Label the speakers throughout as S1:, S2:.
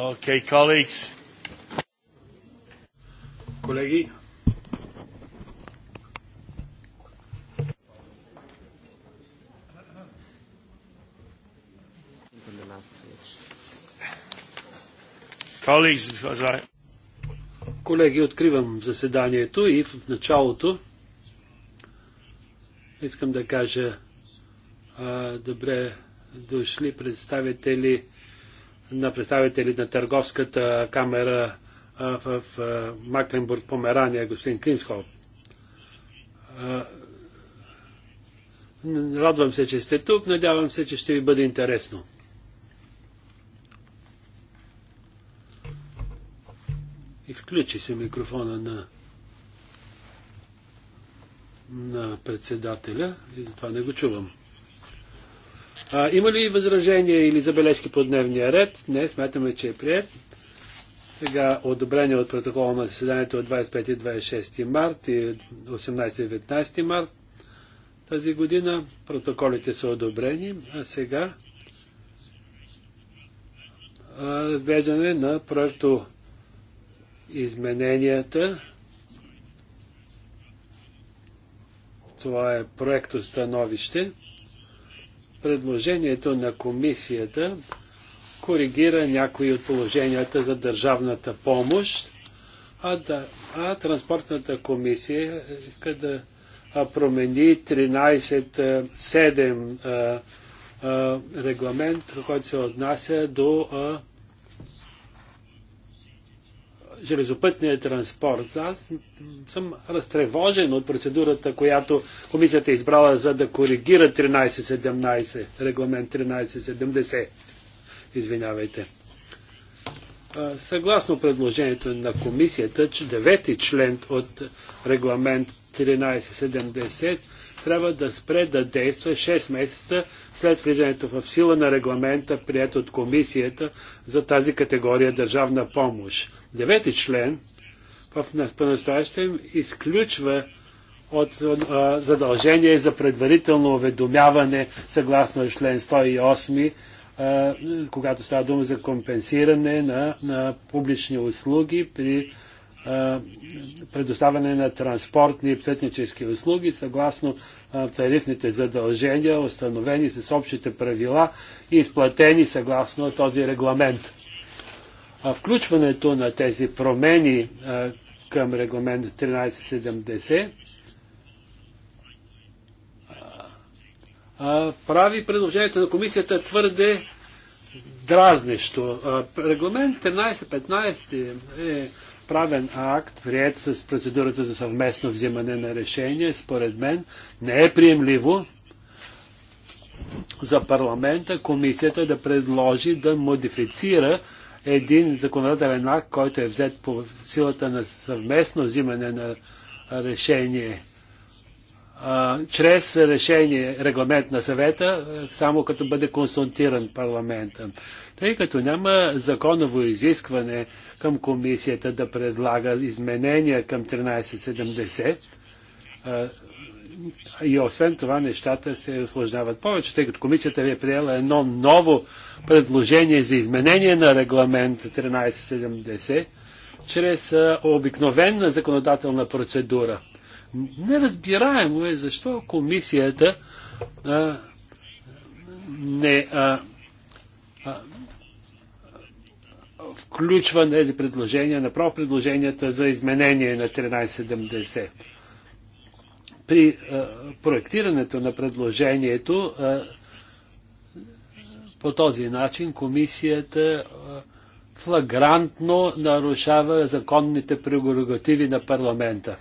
S1: Okay, colleagues. Колеги, Колеги, откривам заседанието и в началото искам да кажа а, добре дошли представители на представители на Търговската камера в Макленбург, Померания, господин Клинсхол. Радвам се, че сте тук. Надявам се, че ще ви бъде интересно. Изключи се микрофона на, на председателя и затова не го чувам. А, има ли възражения или забележки по дневния ред? Не, смятаме, че е прият. Сега одобрение от протокола на заседанието от 25 и 26 март и 18 и 19 март тази година. Протоколите са одобрени. А сега разглеждане на проекто измененията. Това е проекто становище предложението на комисията коригира някои от положенията за държавната помощ, а, да, а транспортната комисия иска да промени 13.7 регламент, който се отнася до а, железопътния транспорт. Аз съм разтревожен от процедурата, която комисията е избрала за да коригира 1317, регламент 1370. Извинявайте. Съгласно предложението на комисията, че девети член от регламент 1370 трябва да спре да действа 6 месеца след влизането в сила на регламента, прият от комисията за тази категория държавна помощ. Девети член в настоящем изключва от задължение за предварително уведомяване съгласно член 108, когато става дума за компенсиране на, на публични услуги при предоставяне на транспортни и пътнически услуги съгласно тарифните задължения, установени с общите правила и изплатени съгласно този регламент. Включването на тези промени към регламент 1370 прави предложението на комисията твърде дразнещо. Регламент 1315 е правен акт, прият с процедурата за съвместно взимане на решение, според мен не е приемливо за парламента комисията да предложи да модифицира един законодателен акт, който е взет по силата на съвместно взимане на решение чрез решение, регламент на съвета, само като бъде консултиран парламентът. Тъй като няма законово изискване към комисията да предлага изменения към 1370, и освен това нещата се осложняват повече, тъй като комисията ви е приела едно ново предложение за изменение на регламент 1370 чрез обикновена законодателна процедура. Неразбираемо е защо комисията а, не а, а, включва тези предложения, направо предложенията за изменение на 1370. При а, проектирането на предложението а, по този начин комисията а, флагрантно нарушава законните прерогативи на парламента.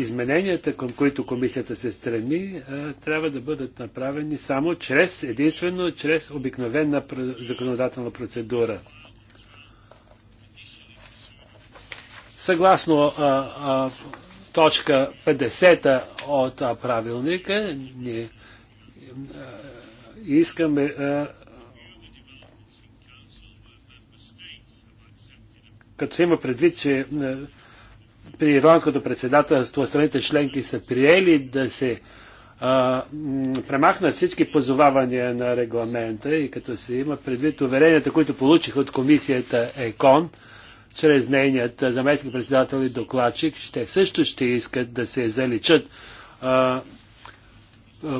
S1: измененията, към които комисията се стреми, трябва да бъдат направени само чрез, единствено, чрез обикновена законодателна процедура. Съгласно а, а, точка 50 от а, правилника, ние а, искаме а, като се има предвид, че при ирландското председателство страните членки са приели да се а, премахнат всички позовавания на регламента и като се има предвид уверенията, които получих от комисията ЕКОН, чрез нейният заместник председател и докладчик, ще също ще искат да се заличат а,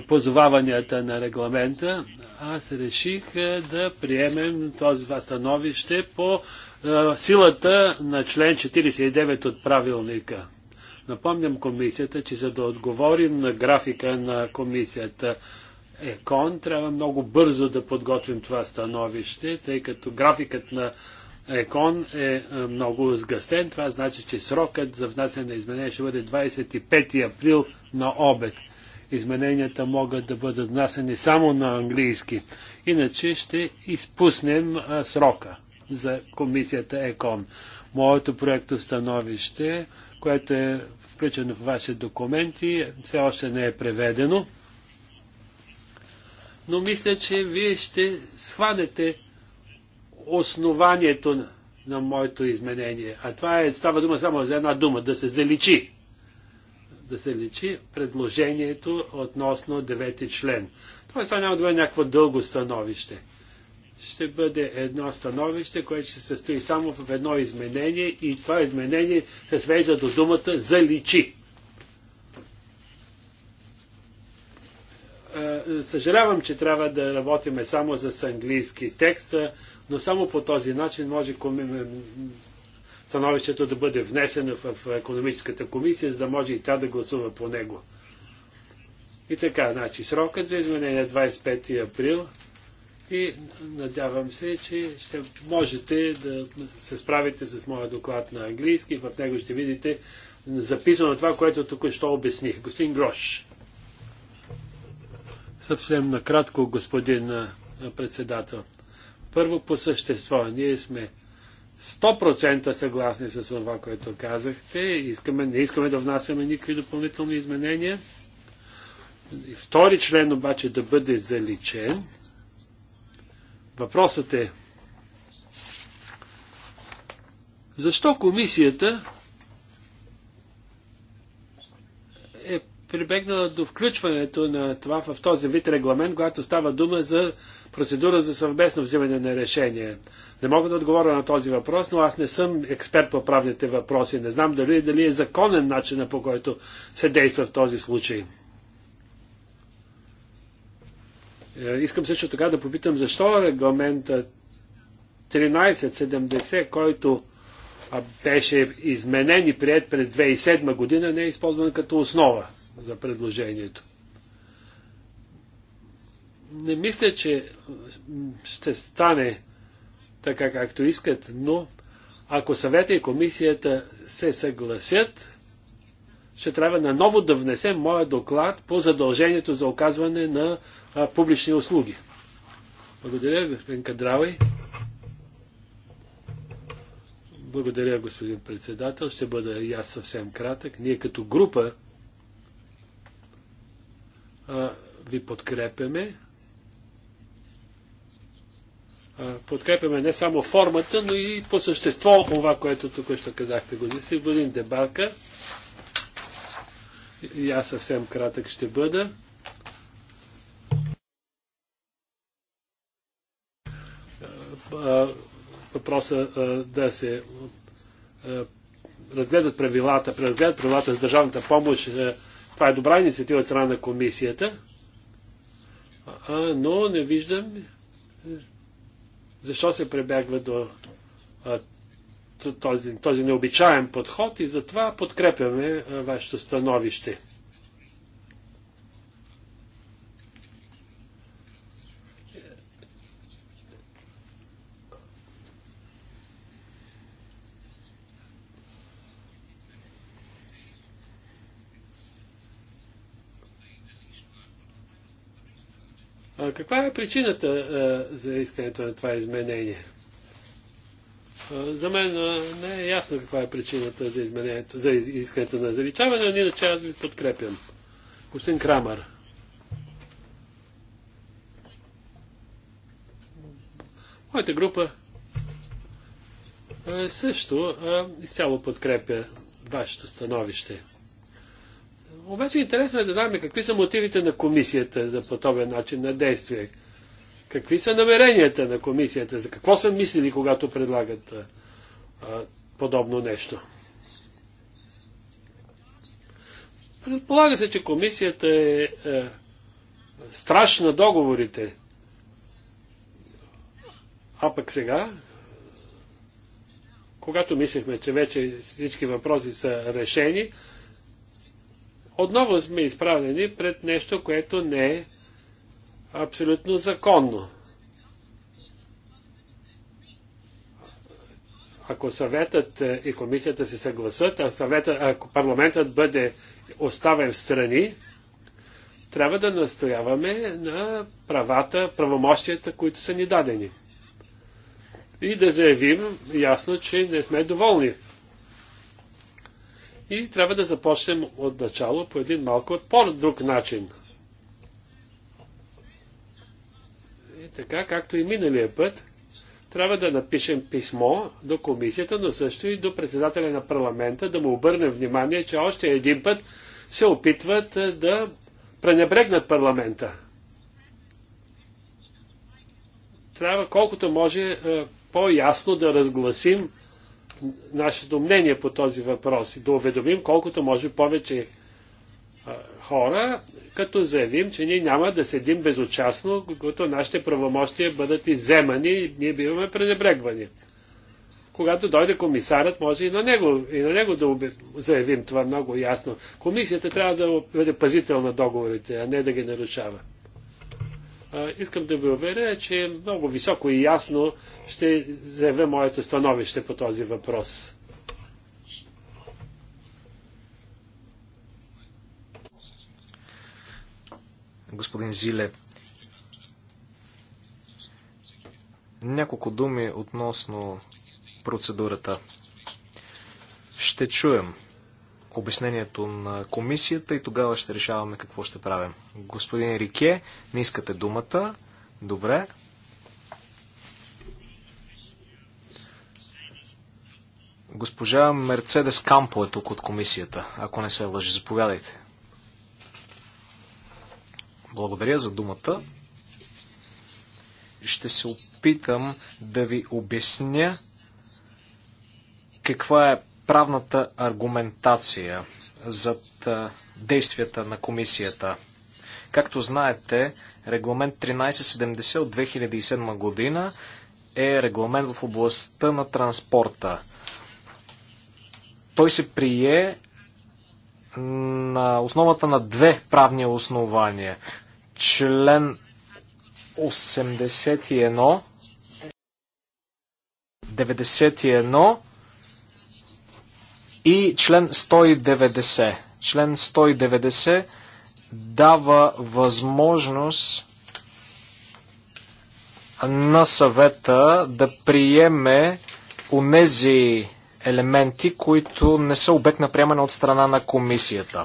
S1: позоваванията на регламента, аз реших да приемем този това становище по силата на член 49 от правилника. Напомням комисията, че за да отговорим на графика на комисията ЕКОН, трябва много бързо да подготвим това становище, тъй като графикът на ЕКОН е, е много сгъстен. Това значи, че срокът за внасяне на изменения ще бъде 25 април на обед. Измененията могат да бъдат внасени само на английски. Иначе ще изпуснем срока за комисията ЕКОН. Моето проекто становище, което е включено в вашите документи, все още не е преведено. Но мисля, че вие ще схванете основанието на моето изменение. А това е, става дума само за една дума, да се заличи. Да се заличи предложението относно девети член. Тоест, това няма да бъде някакво дълго становище ще бъде едно становище, което ще се състои само в едно изменение и това изменение се свежда до думата заличи. Е, съжалявам, че трябва да работиме само с английски текст, но само по този начин може становището да бъде внесено в економическата комисия, за да може и тя да гласува по него. И така, значи, срокът за изменение е 25 април и надявам се, че ще можете да се справите с моя доклад на английски. В него ще видите записано това, което току-що обясних. Господин Грош. Съвсем накратко, господин председател. Първо по същество. Ние сме 100% съгласни с това, което казахте. Искаме, не искаме да внасяме никакви допълнителни изменения. Втори член обаче да бъде заличен Въпросът е, защо комисията е прибегнала до включването на това в този вид регламент, когато става дума за процедура за съвместно взимане на решение. Не мога да отговоря на този въпрос, но аз не съм експерт по правните въпроси. Не знам дали, дали е законен начинът по който се действа в този случай. Е, искам също така да попитам защо регламента 1370, който беше изменен и прият през 2007 година, не е използван като основа за предложението. Не мисля, че ще стане така както искат, но ако съвета и комисията се съгласят, ще трябва наново да внесем моя доклад по задължението за оказване на а, публични услуги. Благодаря, господин Кадравай. Благодаря, господин председател. Ще бъда и аз съвсем кратък. Ние като група а, ви подкрепяме. А, подкрепяме не само формата, но и по същество това, което тук ще казахте, господин Дебарка. И аз съвсем кратък ще бъда. Въпроса да се разгледат правилата, преразгледат правилата за държавната помощ. Това е добра инициатива от страна на комисията, но не виждам защо се пребягва до този, този необичаен подход и затова подкрепяме е, вашето становище. каква е причината е, за искането на това изменение? За мен не е ясно каква е причината за изменението, за искането на заличаване, но иначе аз ви подкрепям. Господин Крамър. Моята група също изцяло подкрепя вашето становище. Обаче интересно е да даме какви са мотивите на комисията за подобен начин на действие. Какви са намеренията на комисията? За какво са мислили, когато предлагат а, подобно нещо? Предполага се, че комисията е, е страшна на договорите. А пък сега, когато мислехме, че вече всички въпроси са решени, отново сме изправени пред нещо, което не е абсолютно законно. Ако съветът е, и комисията се съгласат, а съветът, ако парламентът бъде оставен в страни, трябва да настояваме на правата, правомощията, които са ни дадени. И да заявим ясно, че не сме доволни. И трябва да започнем от начало по един малко по-друг начин. така, както и миналия път, трябва да напишем писмо до комисията, но също и до председателя на парламента, да му обърнем внимание, че още един път се опитват е, да пренебрегнат парламента. Трябва колкото може е, по-ясно да разгласим нашето мнение по този въпрос и да уведомим колкото може повече хора, като заявим, че ние няма да седим безучастно, когато нашите правомощия бъдат иземани и ние биваме пренебрегвани. Когато дойде комисарът, може и на него, и на него да заявим това много ясно. Комисията трябва да бъде пазител на договорите, а не да ги нарушава. А, искам да ви уверя, че много високо и ясно ще заявя моето становище по този въпрос.
S2: господин Зиле. Няколко думи относно процедурата. Ще чуем обяснението на комисията и тогава ще решаваме какво ще правим. Господин Рике, не искате думата. Добре. Госпожа Мерцедес Кампо е тук от комисията, ако не се лъжи. Заповядайте. Благодаря за думата. Ще се опитам да ви обясня каква е правната аргументация зад действията на комисията. Както знаете, регламент 1370 от 2007 година е регламент в областта на транспорта. Той се прие на основата на две правни основания. Член 81, 91 и член 190. Член 190 дава възможност на съвета да приеме нези елементи, които не са обект на приемане от страна на комисията.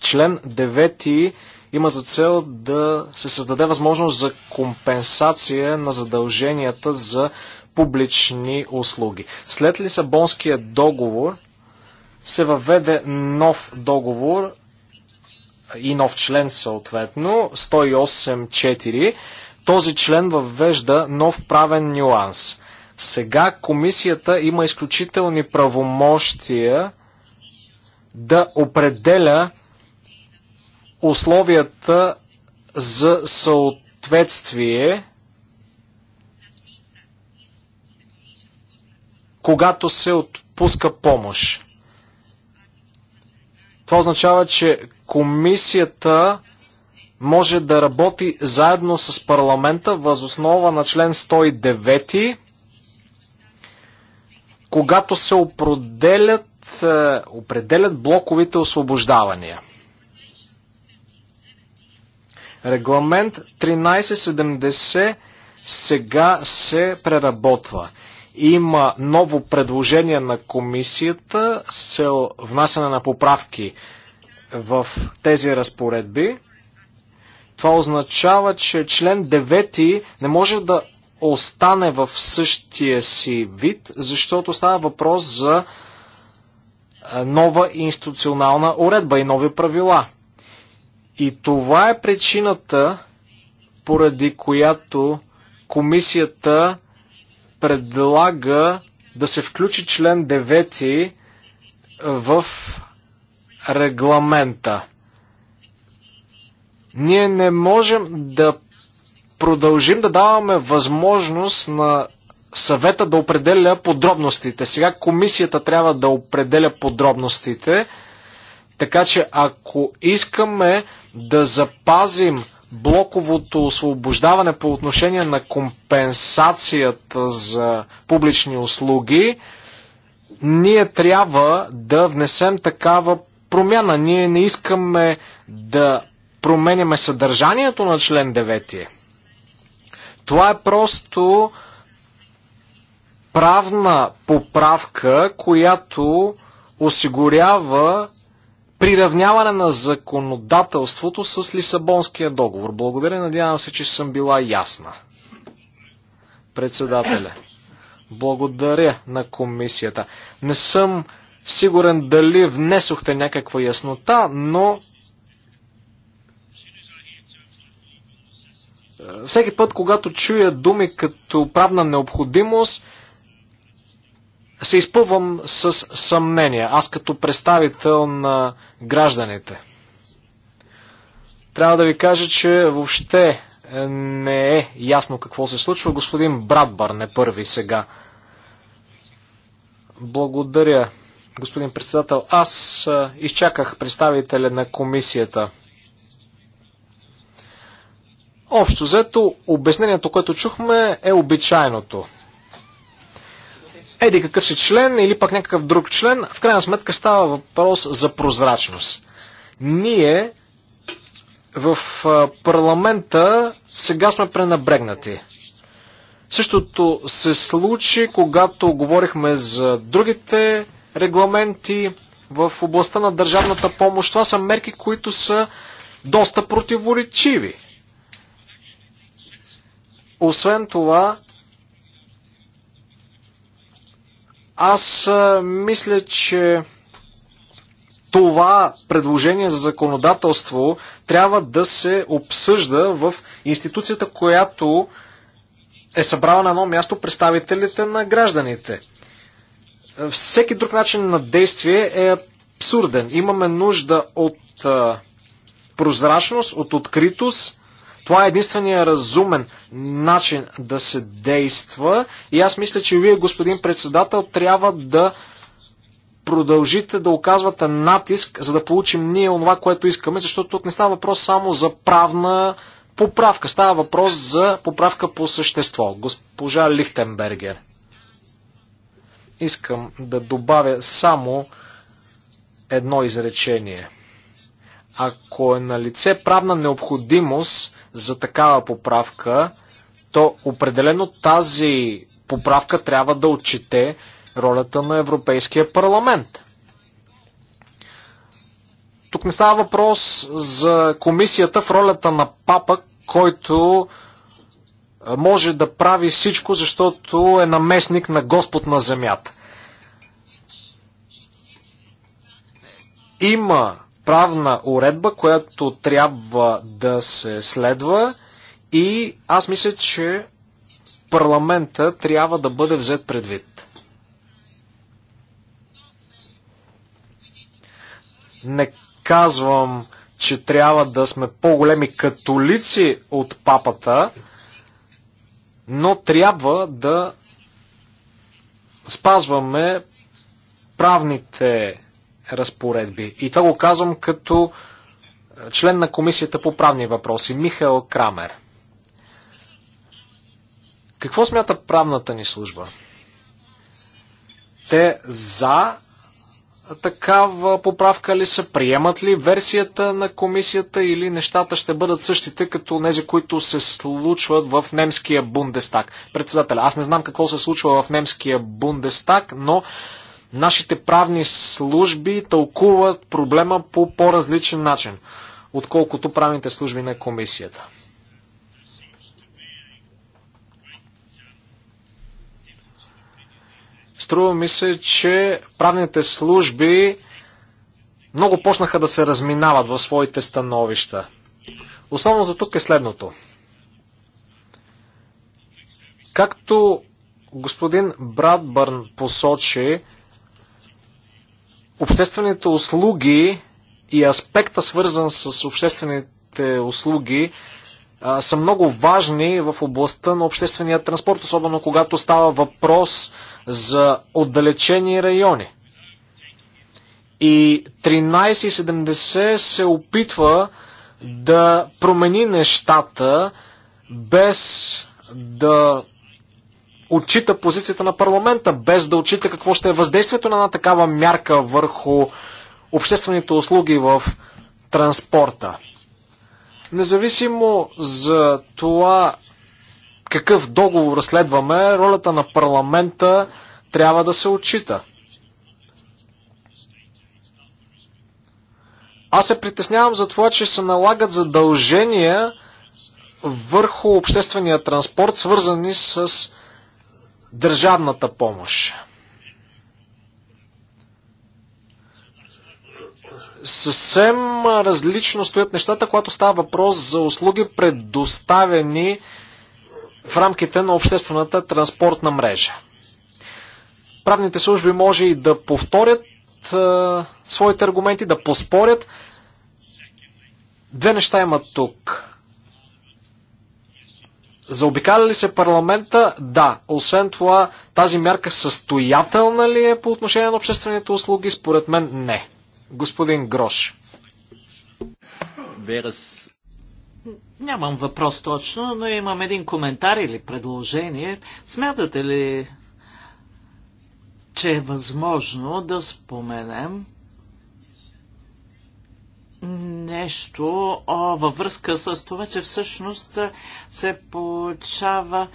S2: Член 9 има за цел да се създаде възможност за компенсация на задълженията за публични услуги. След Лисабонския договор се въведе нов договор и нов член съответно, 108.4. Този член въвежда нов правен нюанс. Сега комисията има изключителни правомощия да определя условията за съответствие, когато се отпуска помощ. Това означава, че комисията може да работи заедно с парламента възоснова на член 109 когато се определят, е, определят блоковите освобождавания. Регламент 1370 сега се преработва. Има ново предложение на комисията с цел внасяне на поправки в тези разпоредби. Това означава, че член 9 не може да остане в същия си вид, защото става въпрос за нова институционална уредба и нови правила. И това е причината, поради която комисията предлага да се включи член 9 в регламента. Ние не можем да продължим да даваме възможност на съвета да определя подробностите. Сега комисията трябва да определя подробностите, така че ако искаме да запазим блоковото освобождаване по отношение на компенсацията за публични услуги, ние трябва да внесем такава промяна. Ние не искаме да променяме съдържанието на член 9. Това е просто правна поправка, която осигурява приравняване на законодателството с Лисабонския договор. Благодаря, надявам се, че съм била ясна. Председателя. Благодаря на комисията. Не съм сигурен дали внесохте някаква яснота, но Всеки път, когато чуя думи като правна необходимост, се изпълвам с съмнение. Аз като представител на гражданите. Трябва да ви кажа, че въобще не е ясно какво се случва. Господин Брадбар не първи сега. Благодаря, господин председател. Аз изчаках представителя на комисията. Общо взето, обяснението, което чухме, е обичайното. Еди какъв си член или пък някакъв друг член, в крайна сметка става въпрос за прозрачност. Ние в парламента сега сме пренабрегнати. Същото се случи, когато говорихме за другите регламенти в областта на държавната помощ. Това са мерки, които са доста противоречиви. Освен това, аз мисля, че това предложение за законодателство трябва да се обсъжда в институцията, която е събрала на едно място представителите на гражданите. Всеки друг начин на действие е абсурден. Имаме нужда от прозрачност, от откритост това е единствения разумен начин да се действа и аз мисля, че вие, господин председател, трябва да продължите да оказвате натиск, за да получим ние онова, което искаме, защото тук не става въпрос само за правна поправка, става въпрос за поправка по същество. Госпожа Лихтенбергер. Искам да добавя само едно изречение – ако е на лице правна необходимост за такава поправка, то определено тази поправка трябва да отчете ролята на Европейския парламент. Тук не става въпрос за комисията в ролята на папа, който е, може да прави всичко, защото е наместник на Господ на земята. Има правна уредба, която трябва да се следва и аз мисля, че парламента трябва да бъде взет предвид. Не казвам, че трябва да сме по-големи католици от папата, но трябва да спазваме правните разпоредби. И това го казвам като е, член на Комисията по правни въпроси, Михаил Крамер. Какво смята правната ни служба? Те за такава поправка ли са? Приемат ли версията на комисията или нещата ще бъдат същите като тези, които се случват в немския Бундестаг? Председателя, аз не знам какво се случва в немския Бундестаг, но Нашите правни служби тълкуват проблема по по-различен начин, отколкото правните служби на комисията. Струва ми се, че правните служби много почнаха да се разминават в своите становища. Основното тук е следното. Както господин Брадбърн посочи, обществените услуги и аспекта свързан с обществените услуги а, са много важни в областта на обществения транспорт, особено когато става въпрос за отдалечени райони. И 1370 се опитва да промени нещата без да отчита позицията на парламента, без да отчита какво ще е въздействието на една такава мярка върху обществените услуги в транспорта. Независимо за това какъв договор разследваме, ролята на парламента трябва да се отчита. Аз се притеснявам за това, че се налагат задължения върху обществения транспорт, свързани с държавната помощ. Съвсем различно стоят нещата, когато става въпрос за услуги предоставени в рамките на обществената транспортна мрежа. Правните служби може и да повторят своите аргументи, да поспорят. Две неща имат тук. Заобикаля ли се парламента? Да. Освен това, тази мярка състоятелна ли е по отношение на обществените услуги? Според мен не. Господин Грош.
S3: Берес. Нямам въпрос точно, но имам един коментар или предложение. Смятате ли, че е възможно да споменем нещо о, във връзка с това, че всъщност се получава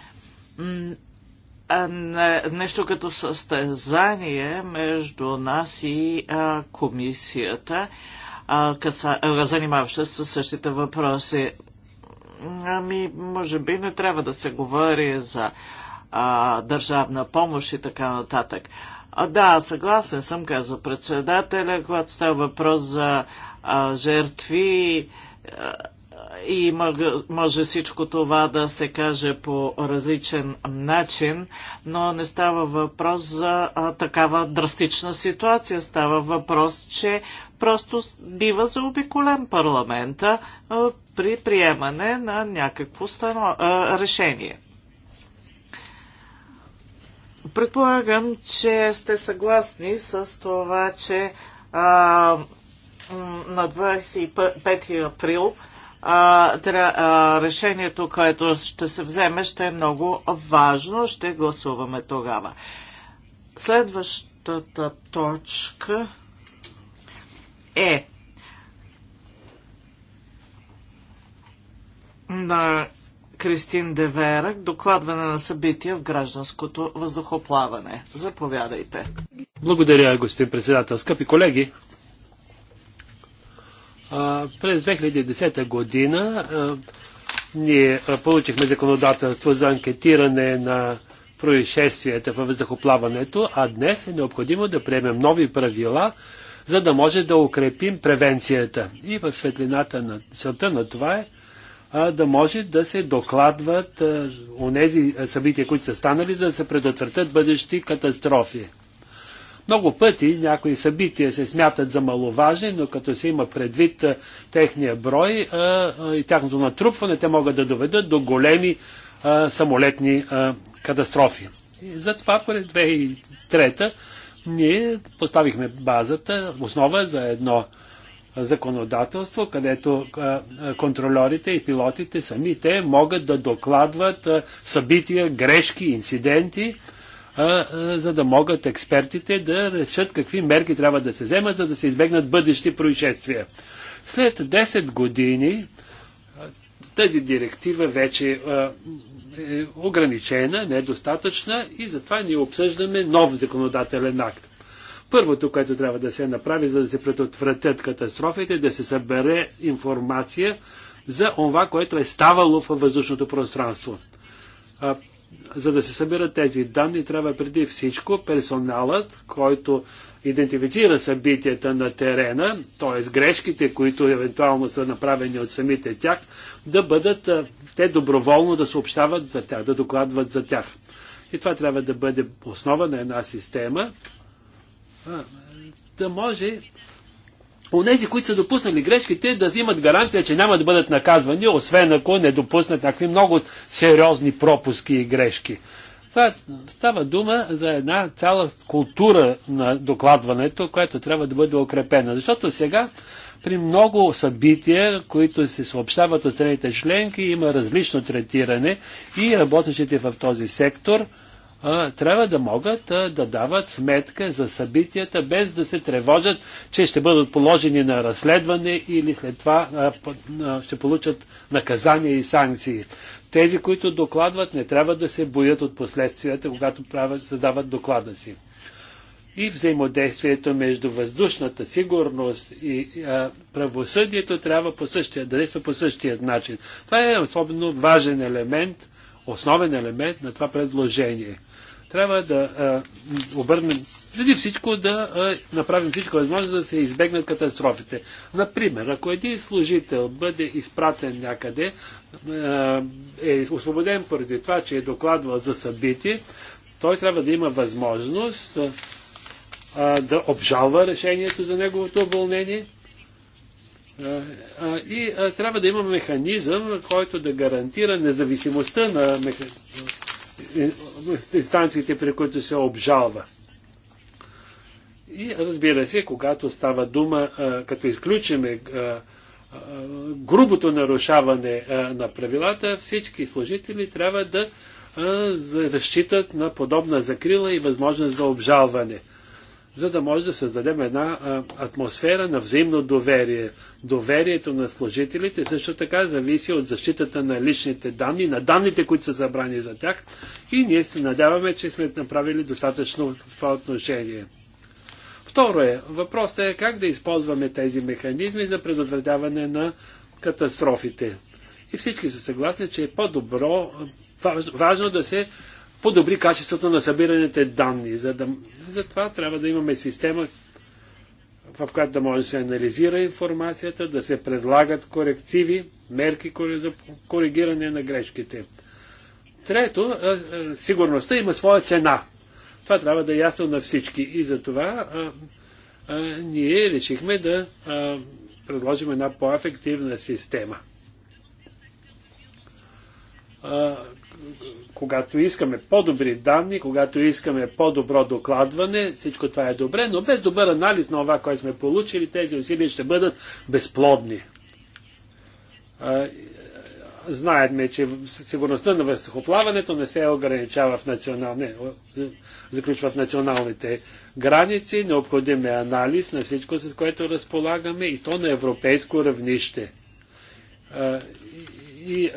S3: нещо като състезание между нас и а, комисията, а, къса, а, занимаваща се с същите въпроси. Ами, може би не трябва да се говори за а, държавна помощ и така нататък. А, да, съгласен съм, казва председателя, когато става въпрос за а, жертви и може всичко това да се каже по различен начин, но не става въпрос за а, такава драстична ситуация. Става въпрос, че просто бива заобиколен парламента а, при приемане на някакво станов... а, решение. Предполагам, че сте съгласни с това, че а, на 25 април решението, което ще се вземе, ще е много важно. Ще гласуваме тогава. Следващата точка е на Кристин Деверък, докладване на събития в гражданското въздухоплаване. Заповядайте.
S1: Благодаря, господин председател. Скъпи колеги,
S3: през 2010
S1: година ние получихме законодателство за анкетиране на происшествията във въздухоплаването, а днес е необходимо да приемем нови правила, за да може да укрепим превенцията. И в светлината на целта на това е да може да се докладват онези събития, които са станали, за да се предотвратят бъдещи катастрофи. Много пъти някои събития се смятат за маловажни, но като се има предвид техния брой а, а, и тяхното натрупване, те могат да доведат до големи самолетни катастрофи. И затова през 2003 ние поставихме базата, основа за едно законодателство, където контролерите и пилотите самите могат да докладват събития, грешки, инциденти, за да могат експертите да решат какви мерки трябва да се вземат, за да се избегнат бъдещи происшествия. След 10 години тази директива вече е ограничена, недостатъчна и затова ние обсъждаме нов законодателен акт. Първото, което трябва да се направи, за да се предотвратят катастрофите, да се събере информация за това, което е ставало във въздушното пространство за да се събират тези данни, трябва преди всичко персоналът, който идентифицира събитията на терена, т.е. грешките, които евентуално са направени от самите тях, да бъдат те доброволно да съобщават за тях, да докладват за тях. И това трябва да бъде основа на една система, да може Нези, които са допуснали грешките, да взимат гаранция, че няма да бъдат наказвани, освен ако не допуснат някакви много сериозни пропуски и грешки. Това става дума за една цяла култура на докладването, която трябва да бъде укрепена. Защото сега при много събития, които се съобщават от страните членки, има различно третиране и работещите в този сектор – трябва да могат да дават сметка за събитията, без да се тревожат, че ще бъдат положени на разследване или след това ще получат наказания и санкции. Тези, които докладват, не трябва да се боят от последствията, когато правят, задават доклада си. И взаимодействието между въздушната сигурност и а, правосъдието трябва по същия, да действа по същия начин. Това е особено важен елемент, основен елемент на това предложение трябва да обърнем, преди всичко да направим всичко възможно да се избегнат катастрофите. Например, ако един служител бъде изпратен някъде, е освободен поради това, че е докладвал за събитие, той трябва да има възможност да обжалва решението за неговото уволнение и трябва да има механизъм, който да гарантира независимостта на инстанциите, при които се обжалва. И разбира се, когато става дума, като изключиме грубото нарушаване на правилата, всички служители трябва да разчитат на подобна закрила и възможност за обжалване за да може да създадем една а, атмосфера на взаимно доверие. Доверието на служителите също така зависи от защитата на личните данни, на данните, които са забрани за тях и ние се надяваме, че сме направили достатъчно в това отношение. Второ е, въпросът е как да използваме тези механизми за предотвратяване на катастрофите. И всички са съгласни, че е по-добро, важно да се подобри качеството на събираните данни. За да, за това трябва да имаме система, в която да може да се анализира информацията, да се предлагат корективи, мерки за коригиране на грешките. Трето, сигурността има своя цена. Това трябва да е ясно на всички. И за това а, а, ние решихме да а, предложим една по-ефективна система когато искаме по-добри данни, когато искаме по-добро докладване, всичко това е добре, но без добър анализ на това, което сме получили, тези усилия ще бъдат безплодни. Знаем, че сигурността на въздухоплаването не се ограничава в национал... не, заключва в националните граници, необходим е анализ на всичко, с което разполагаме и то на европейско равнище. И, и,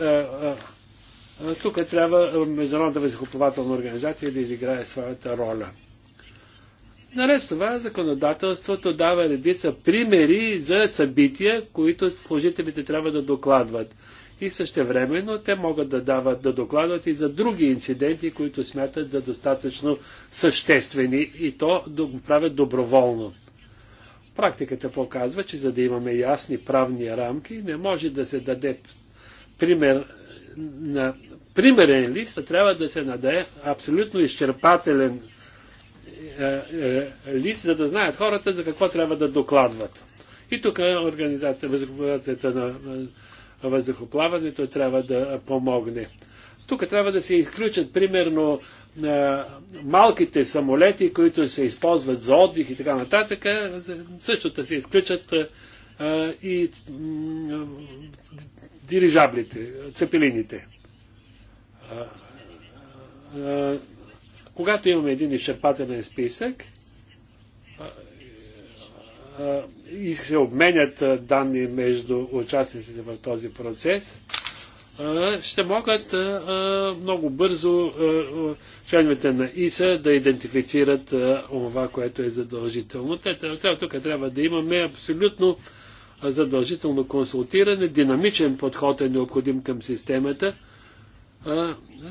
S1: тук трябва Международната възхоплавателна организация да изиграе своята роля. Наред с това, законодателството дава редица примери за събития, които служителите трябва да докладват. И същевременно те могат да дават да докладват и за други инциденти, които смятат за достатъчно съществени и то да го правят доброволно. Практиката показва, че за да имаме ясни правни рамки, не може да се даде пример на примерен лист, а трябва да се надае абсолютно изчерпателен е, е, е, лист, за да знаят хората за какво трябва да докладват. И тук организация, възглавацията на въздухоплаването трябва да помогне. Тук трябва да се изключат примерно малките самолети, които се използват за отдих и така нататък, също да се изключат и дирижаблите, цепелините. когато имаме един изчерпателен списък и се обменят данни между участниците в този процес, ще могат много бързо членовете на ИСА да идентифицират това, което е задължително. тук трябва да имаме абсолютно задължително консултиране, динамичен подход е необходим към системата.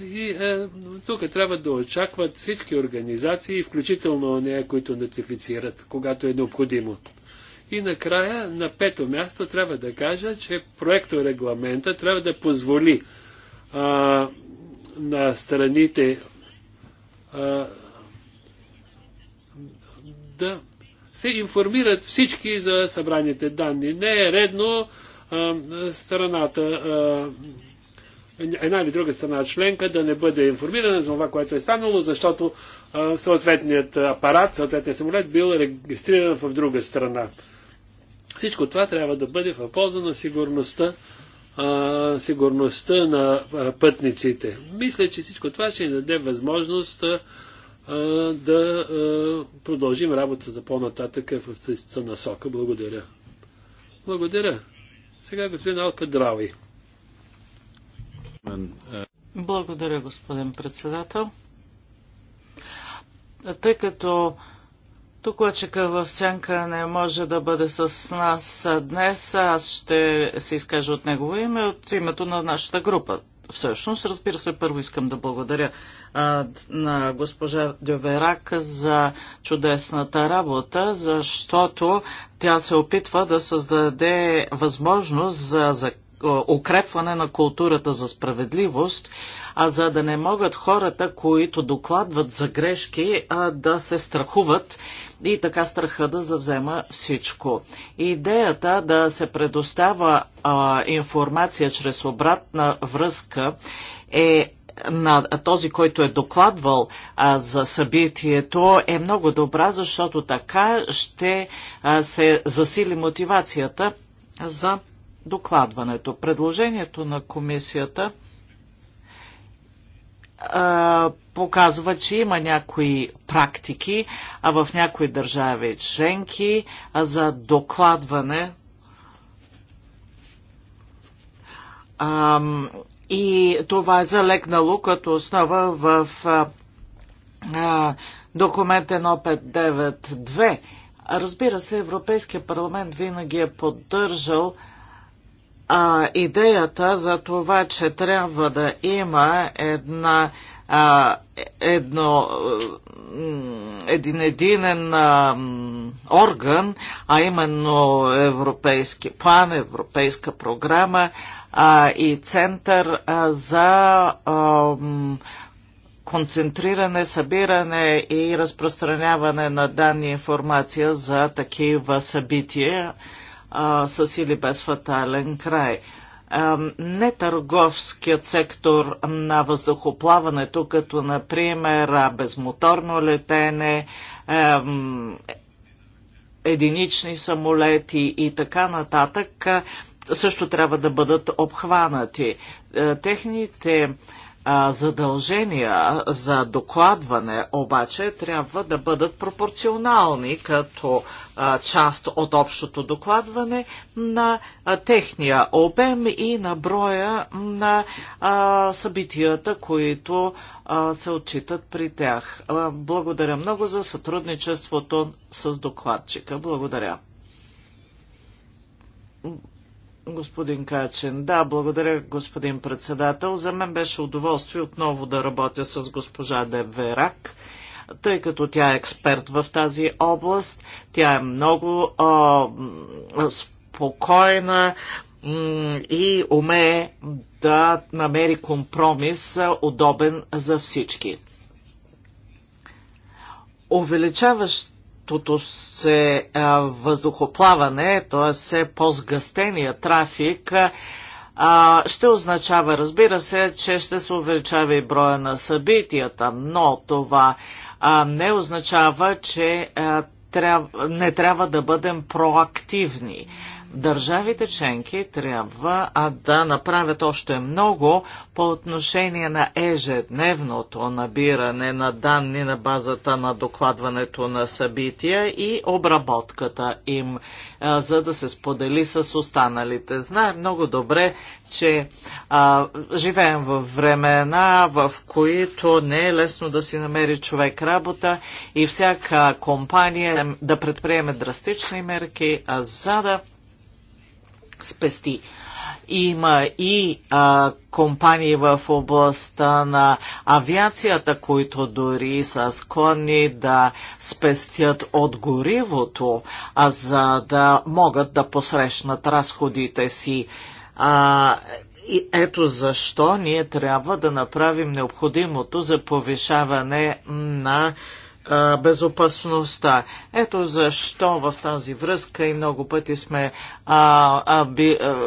S1: и е, тук трябва да очакват всички организации, включително нея, които нотифицират, когато е необходимо. И накрая, на пето място, трябва да кажа, че проекторегламента трябва да позволи а, на страните а, да се информират всички за събраните данни. Не е редно а, страната, а, една или друга страна членка да не бъде информирана за това, което е станало, защото а, съответният апарат, съответният самолет бил регистриран в друга страна. Всичко това трябва да бъде в полза на сигурността, а, сигурността на а, пътниците. Мисля, че всичко това ще ни даде възможност а, да продължим работата по-нататък в същата насока. Благодаря. Благодаря. Сега господин Алка Драви.
S3: Благодаря, господин председател. Тъй като докладчика в сянка не може да бъде с нас днес, аз ще се изкажа от негово име, от името на нашата група всъщност. Разбира се, първо искам да благодаря а, на госпожа Дюверак за чудесната работа, защото тя се опитва да създаде възможност за, за укрепване на културата за справедливост, а за да не могат хората, които докладват за грешки, а, да се страхуват и така страха да завзема всичко. Идеята да се предостава а, информация чрез обратна връзка е на този, който е докладвал а, за събитието, е много добра, защото така ще а, се засили мотивацията за докладването. Предложението на комисията показва, че има някои практики а в някои държави членки за докладване и това е залегнало като основа в а, документ 1592. Разбира се, Европейския парламент винаги е поддържал а, а, идеята за това, че трябва да има една а, едно, един единен а, орган, а именно европейски план, европейска програма а, и център а, за а, концентриране, събиране и разпространяване на данни и информация за такива събития а, с или без фатален край. Нетърговският сектор на въздухоплаването, като например безмоторно летене, единични самолети и така нататък, също трябва да бъдат обхванати. Е, техните задължения за докладване обаче трябва да бъдат пропорционални като част от общото докладване на техния обем и на броя на събитията, които се отчитат при тях. благодаря много за сътрудничеството с докладчика. Благодаря. Господин Качин, да, благодаря, господин председател. За мен беше удоволствие отново да работя с госпожа Деверак. Верак тъй като тя е експерт в тази област. Тя е много а, спокойна и умее да намери компромис, удобен за всички. Увеличаващ се а, въздухоплаване, т.е. се по-сгъстения трафик, а, ще означава, разбира се, че ще се увеличава и броя на събитията, но това а, не означава, че а, тря, не трябва да бъдем проактивни. Държавите членки трябва а, да направят още много по отношение на ежедневното набиране на данни на базата на докладването на събития и обработката им, а, за да се сподели с останалите. Знаем много добре, че а, живеем в времена, в които не е лесно да си намери човек работа и всяка компания да предприеме драстични мерки, а за да спести. Има и а, компании в областта на авиацията, които дори са склонни да спестят от горивото, а за да могат да посрещнат разходите си. А, и ето защо ние трябва да направим необходимото за повишаване на безопасността. Ето защо в тази връзка и много пъти сме, а, а, би, а,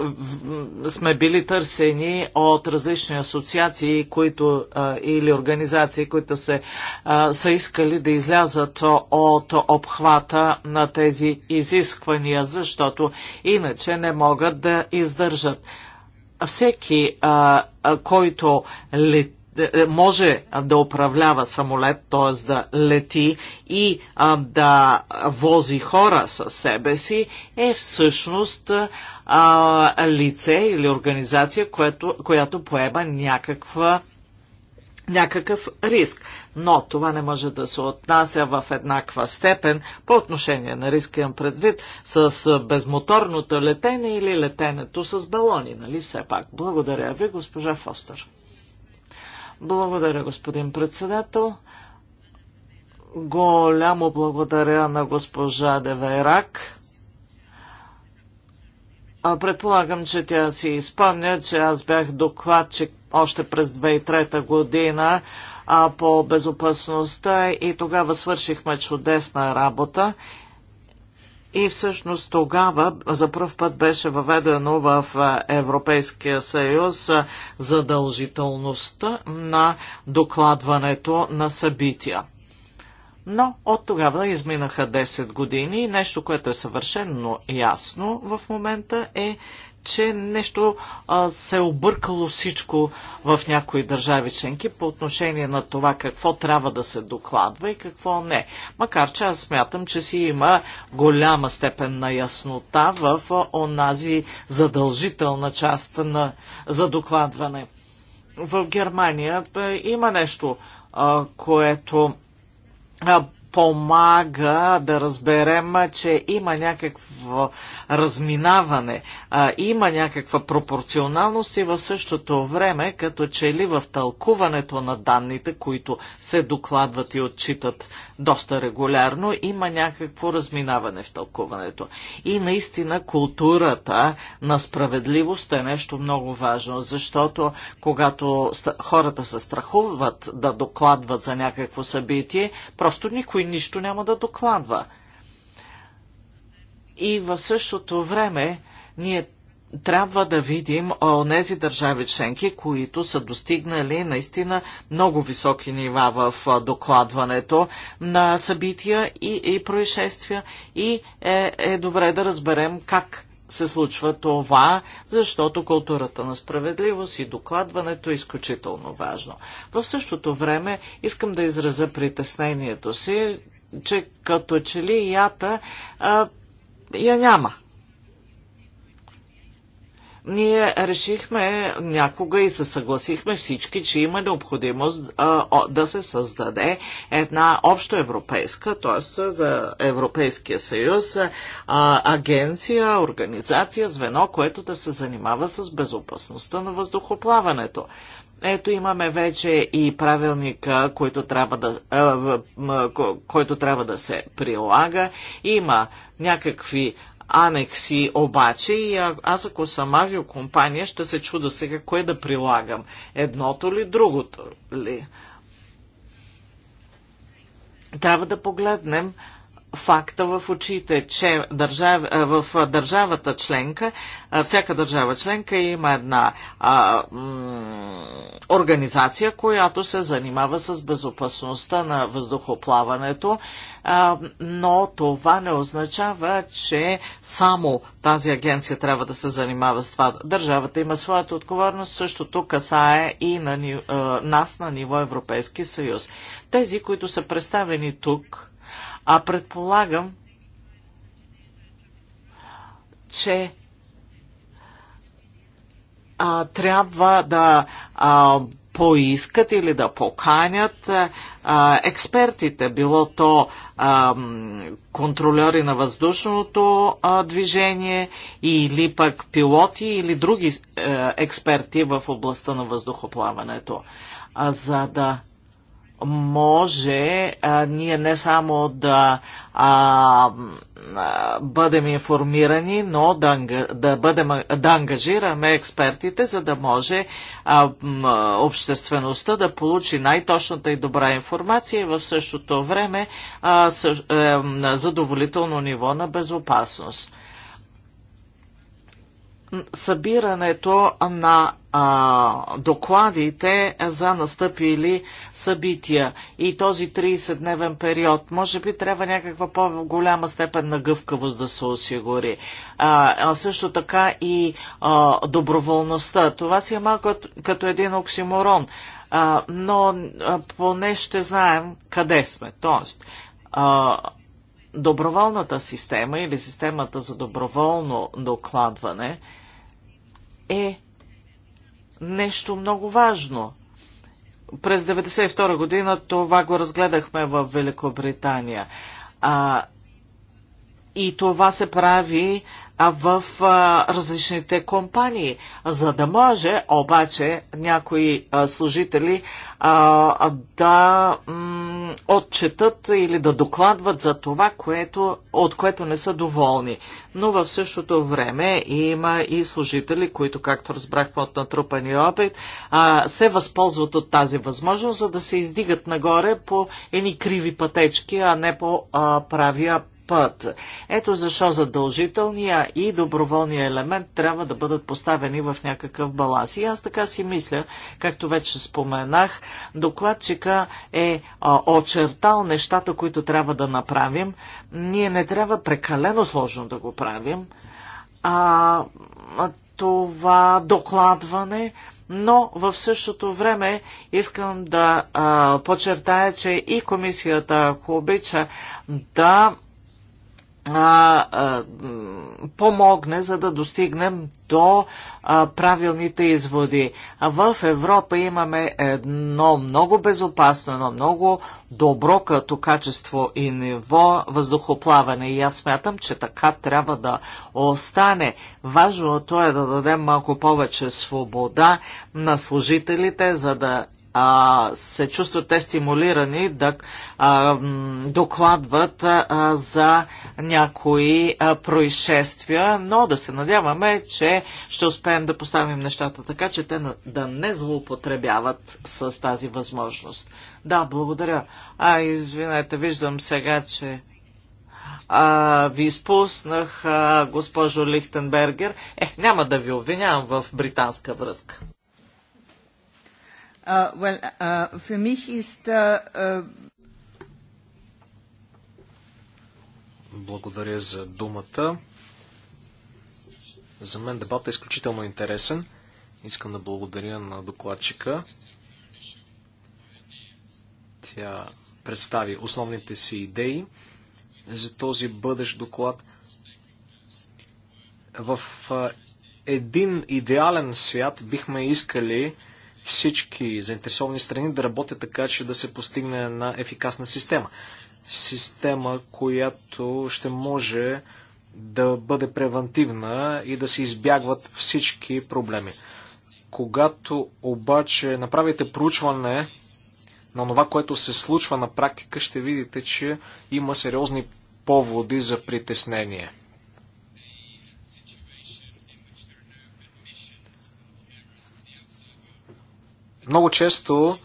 S3: сме били търсени от различни асоциации които, а, или организации, които се, а, са искали да излязат от обхвата на тези изисквания, защото иначе не могат да издържат. Всеки, а, а, който лети, е, е, може да управлява самолет, т.е. да лети и а, да вози хора със себе си, е всъщност а, лице или организация, което, която поема някаква някакъв риск. Но това не може да се отнася в еднаква степен по отношение на риска им предвид с безмоторното летене или летенето с балони, нали все пак. Благодаря ви, госпожа Фостер. Благодаря, господин председател. Голямо благодаря на госпожа Девайрак. Предполагам, че тя си изпомня, че аз бях докладчик още през 2003 година а по безопасността и тогава свършихме чудесна работа и всъщност тогава за първ път беше въведено в Европейския съюз задължителността на докладването на събития. Но от тогава изминаха 10 години и нещо, което е съвършенно ясно в момента е, че нещо а, се е объркало всичко в някои държави членки по отношение на това какво трябва да се докладва и какво не. Макар че аз смятам, че си има голяма степен на яснота в онази задължителна част на, за докладване. В Германия има нещо, а, което а, помага да разберем, че има някакво разминаване, а, има някаква пропорционалност и в същото време, като че ли в тълкуването на данните, които се докладват и отчитат доста регулярно, има някакво разминаване в тълкуването. И наистина културата на справедливост е нещо много важно, защото когато хората се страхуват да докладват за някакво събитие, просто никой нищо няма да докладва. И в същото време ние трябва да видим онези държави членки, които са достигнали наистина много високи нива в докладването на събития и, и происшествия и е, е добре да разберем как се случва това, защото културата на справедливост и докладването е изключително важно. В същото време искам да изразя притеснението си, че като че ли ята а, я няма ние решихме някога и се съгласихме всички, че има необходимост да се създаде една общоевропейска, т.е. за Европейския съюз, агенция, организация, звено, което да се занимава с безопасността на въздухоплаването. Ето имаме вече и правилника, който трябва да, който трябва да се прилага. Има някакви анекси обаче и аз ако съм авиокомпания, ще се чуда сега кое да прилагам. Едното ли, другото ли? Трябва да погледнем факта в очите, че държав, в държавата членка, всяка държава членка има една а, м, организация, която се занимава с безопасността на въздухоплаването, а, но това не означава, че само тази агенция трябва да се занимава с това. Държавата има своята отговорност, същото касае и на, а, нас на ниво Европейски съюз. Тези, които са представени тук, а предполагам, че а, трябва да а, поискат или да поканят а, експертите, било то а, контролери на въздушното а, движение или пък пилоти или други а, е, експерти в областта на въздухоплаването, а, за да може а, ние не само да а, а, бъдем информирани, но да, да, бъдем, да ангажираме експертите, за да може а, обществеността да получи най-точната и добра информация и в същото време а, съ, а, задоволително ниво на безопасност събирането на а, докладите за настъпили събития и този 30-дневен период. Може би трябва някаква по-голяма степен на гъвкавост да се осигури. А, а също така и а, доброволността. Това си е малко като, като един оксиморон, а, но а, поне ще знаем къде сме. Тоест, а, доброволната система или системата за доброволно докладване – е нещо много важно. През 1992 година това го разгледахме в Великобритания. А, и това се прави в различните компании, за да може обаче някои служители да отчетат или да докладват за това, което, от което не са доволни. Но в същото време има и служители, които, както разбрахме от натрупани опит, се възползват от тази възможност, за да се издигат нагоре по едни криви пътечки, а не по правия път. Ето защо задължителния и доброволния елемент трябва да бъдат поставени в някакъв баланс. И аз така си мисля, както вече споменах, докладчика е а, очертал нещата, които трябва да направим. Ние не трябва прекалено сложно да го правим. А, това докладване но в същото време искам да а, подчертая, че и комисията, ако обича, да а, а, помогне, за да достигнем до а, правилните изводи. А в Европа имаме едно много безопасно, едно много добро като качество и ниво въздухоплаване. И аз смятам, че така трябва да остане. Важното е да дадем малко повече свобода на служителите, за да а, се чувстват те стимулирани да а, докладват а, за някои а, происшествия, но да се надяваме, че ще успеем да поставим нещата така, че те да не злоупотребяват с тази възможност. Да, благодаря. А, извинете, виждам сега, че а, ви изпуснах, а, госпожо Лихтенбергер. Е, няма да ви обвинявам в британска връзка. Uh, well, uh, für mich ist. Uh, uh,
S2: Благодаря за думата. За мен дебатът е изключително интересен. Искам да благодаря на докладчика. Тя представи основните си идеи за този бъдещ доклад. В един идеален свят бихме искали всички заинтересовани страни да работят така, че да се постигне една ефикасна система. Система, която ще може да бъде превентивна и да се избягват всички проблеми. Когато обаче направите проучване на това, което се случва на практика, ще видите, че има сериозни поводи за притеснение. Много често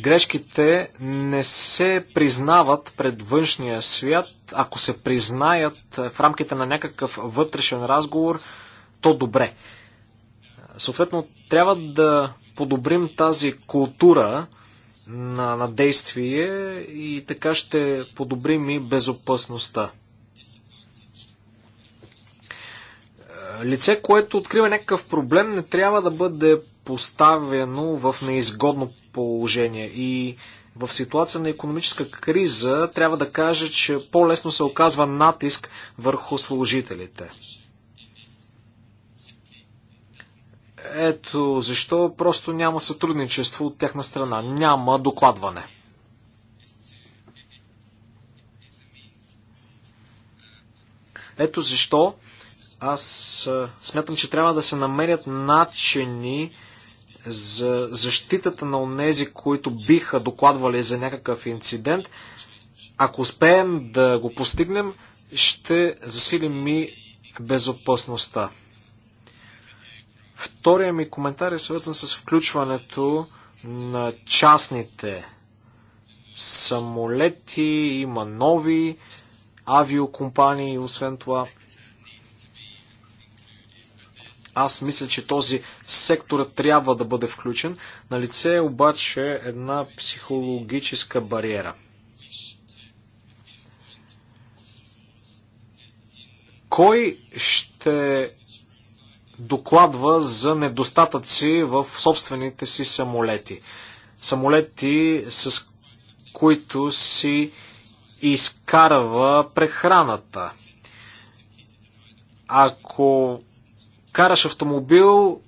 S2: грешките не се признават пред външния свят. Ако се признаят в рамките на някакъв вътрешен разговор, то добре. Съответно, трябва да подобрим тази култура на, на действие и така ще подобрим и безопасността. Лице, което открива някакъв проблем, не трябва да бъде поставено в неизгодно положение. И в ситуация на економическа криза трябва да кажа, че по-лесно се оказва натиск върху служителите. Ето защо просто няма сътрудничество от тяхна страна. Няма докладване. Ето защо аз смятам, че трябва да се намерят начини за защитата на онези, които биха докладвали за някакъв инцидент, ако успеем да го постигнем, ще засилим и безопасността. Втория ми коментар е свързан с включването на частните самолети, има нови авиокомпании, освен това – аз мисля, че този сектор трябва да бъде включен. На лице е обаче една психологическа бариера. Кой ще докладва за недостатъци в собствените си самолети? Самолети, с които си изкарва прехраната. Ако караш автомобил,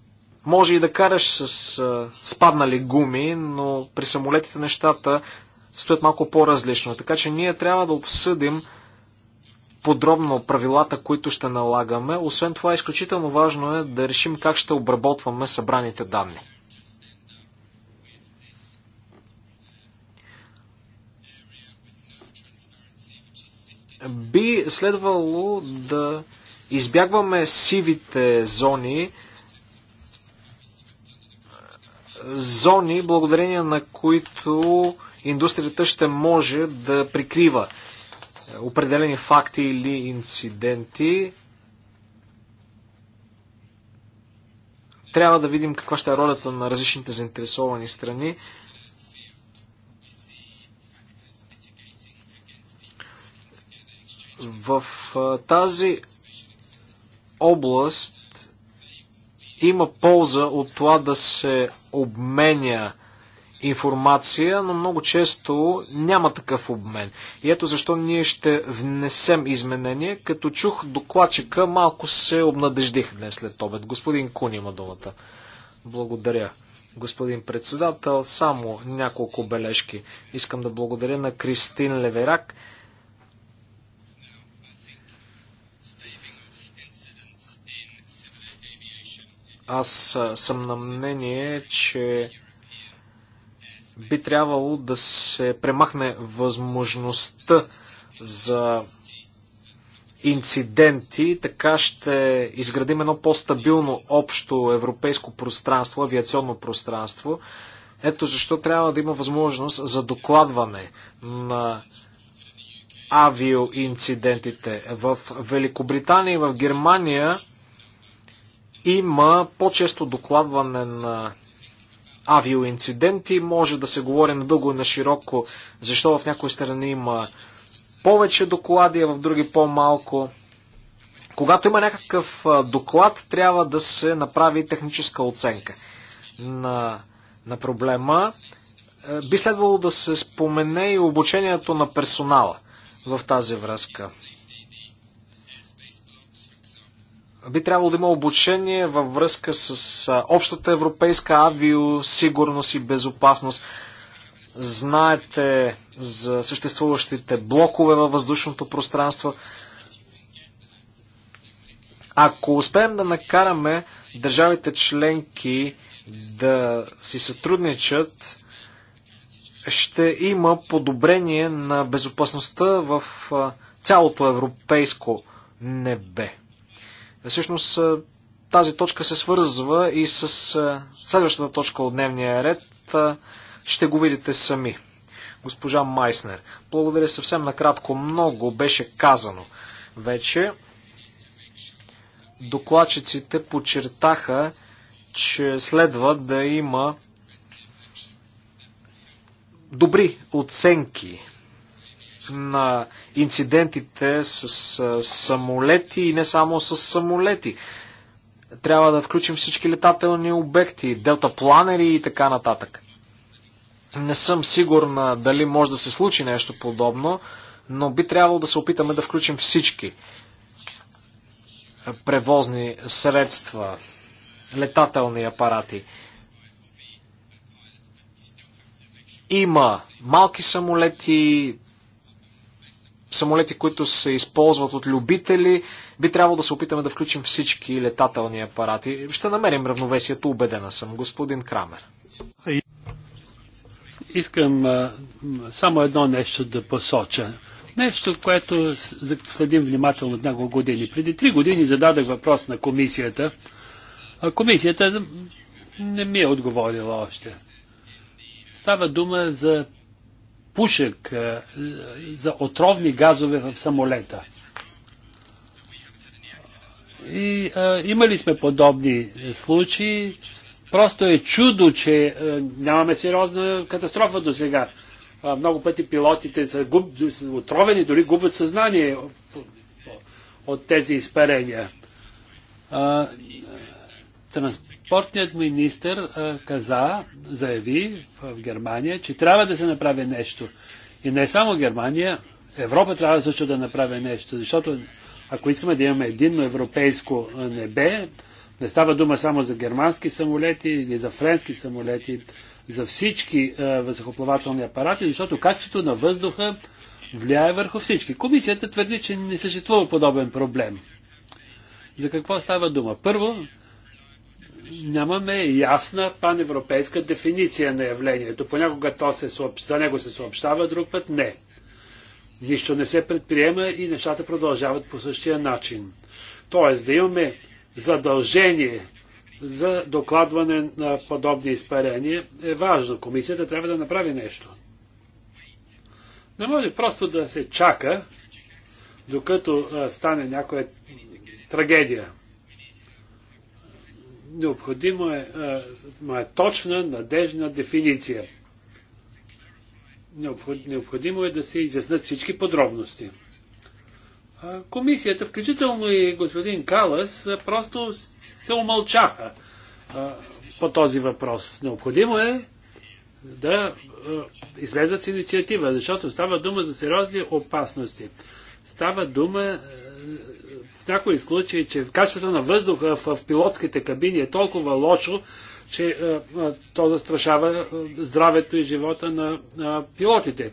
S2: може и да караш с а, спаднали гуми, но при самолетите нещата стоят малко по-различно. Така че ние трябва да обсъдим подробно правилата, които ще налагаме. Освен това, изключително важно е да решим как ще обработваме събраните данни. Би следвало да избягваме сивите зони, зони, благодарение на които индустрията ще може да прикрива определени факти или инциденти. Трябва да видим каква ще е ролята на различните заинтересовани страни. В тази област има полза от това да се обменя информация, но много често няма такъв обмен. И ето защо ние ще внесем изменения. Като чух докладчика, малко се обнадеждих днес след обед. Господин Кун има думата. Благодаря. Господин председател, само няколко бележки. Искам да благодаря на Кристин Леверак – Аз съм на мнение, че би трябвало да се премахне възможността за инциденти, така ще изградим едно по-стабилно общо европейско пространство, авиационно пространство. Ето защо трябва да има възможност за докладване на авиоинцидентите. В Великобритания и в Германия има по-често докладване на авиоинциденти, може да се говори надълго и на широко, защо в някои страни има повече доклади, а в други по-малко. Когато има някакъв доклад, трябва да се направи техническа оценка на, на проблема. Е, би следвало да се спомене и обучението на персонала в тази връзка. би трябвало да има обучение във връзка с общата европейска авиосигурност и безопасност. Знаете за съществуващите блокове във въздушното пространство. Ако успеем да накараме държавите членки да си сътрудничат, ще има подобрение на безопасността в цялото европейско небе. Всъщност тази точка се свързва и с следващата точка от дневния ред. Ще го видите сами. Госпожа Майснер, благодаря съвсем накратко. Много беше казано вече. Докладчиците подчертаха, че следва да има добри оценки на инцидентите с самолети и не само с самолети. Трябва да включим всички летателни обекти, делтапланери и така нататък. Не съм сигурна дали може да се случи нещо подобно, но би трябвало да се опитаме да включим всички превозни средства, летателни апарати. Има малки самолети, самолети, които се използват от любители, би трябвало да се опитаме да включим всички летателни апарати. Ще намерим равновесието, убедена съм, господин Крамер. Искам а, само едно нещо
S1: да посоча. Нещо, което следим внимателно от няколко години. Преди три години зададах въпрос на комисията. А комисията не ми е отговорила още. Става дума за пушек, е, за отровни газове в самолета. И а, е, имали сме подобни е, случаи. Просто е чудо, че а, нямаме сериозна катастрофа до сега. много пъти пилотите са, губ, са отровени, дори губят съзнание от, от тези изпарения. А, транспортният министр каза, заяви в Германия, че трябва да се направи нещо. И не само Германия, Европа трябва също да направи нещо, защото ако искаме да имаме единно европейско небе, не става дума само за германски самолети или за френски самолети, за всички е, въздухоплавателни апарати, защото качеството на въздуха влияе върху всички. Комисията твърди, че не съществува подобен проблем. За какво става дума? Първо, нямаме ясна паневропейска дефиниция на явлението. Понякога то се съобщава, за него се съобщава, друг път не. Нищо не се предприема и нещата продължават по същия начин. Тоест да имаме задължение за докладване на подобни изпарения е важно. Комисията трябва да направи нещо. Не може просто да се чака, докато стане някоя трагедия необходима е, е, е точна, надежна дефиниция. Необходимо е да се изяснат всички подробности. Комисията, включително и господин Калас, просто се умълчаха по този въпрос. Необходимо е да излезат с инициатива, защото става дума за сериозни опасности. Става дума някои случаи, че качеството на въздуха в, в пилотските кабини е толкова лошо, че а, е, а, е, то застрашава е, здравето и живота на а, пилотите.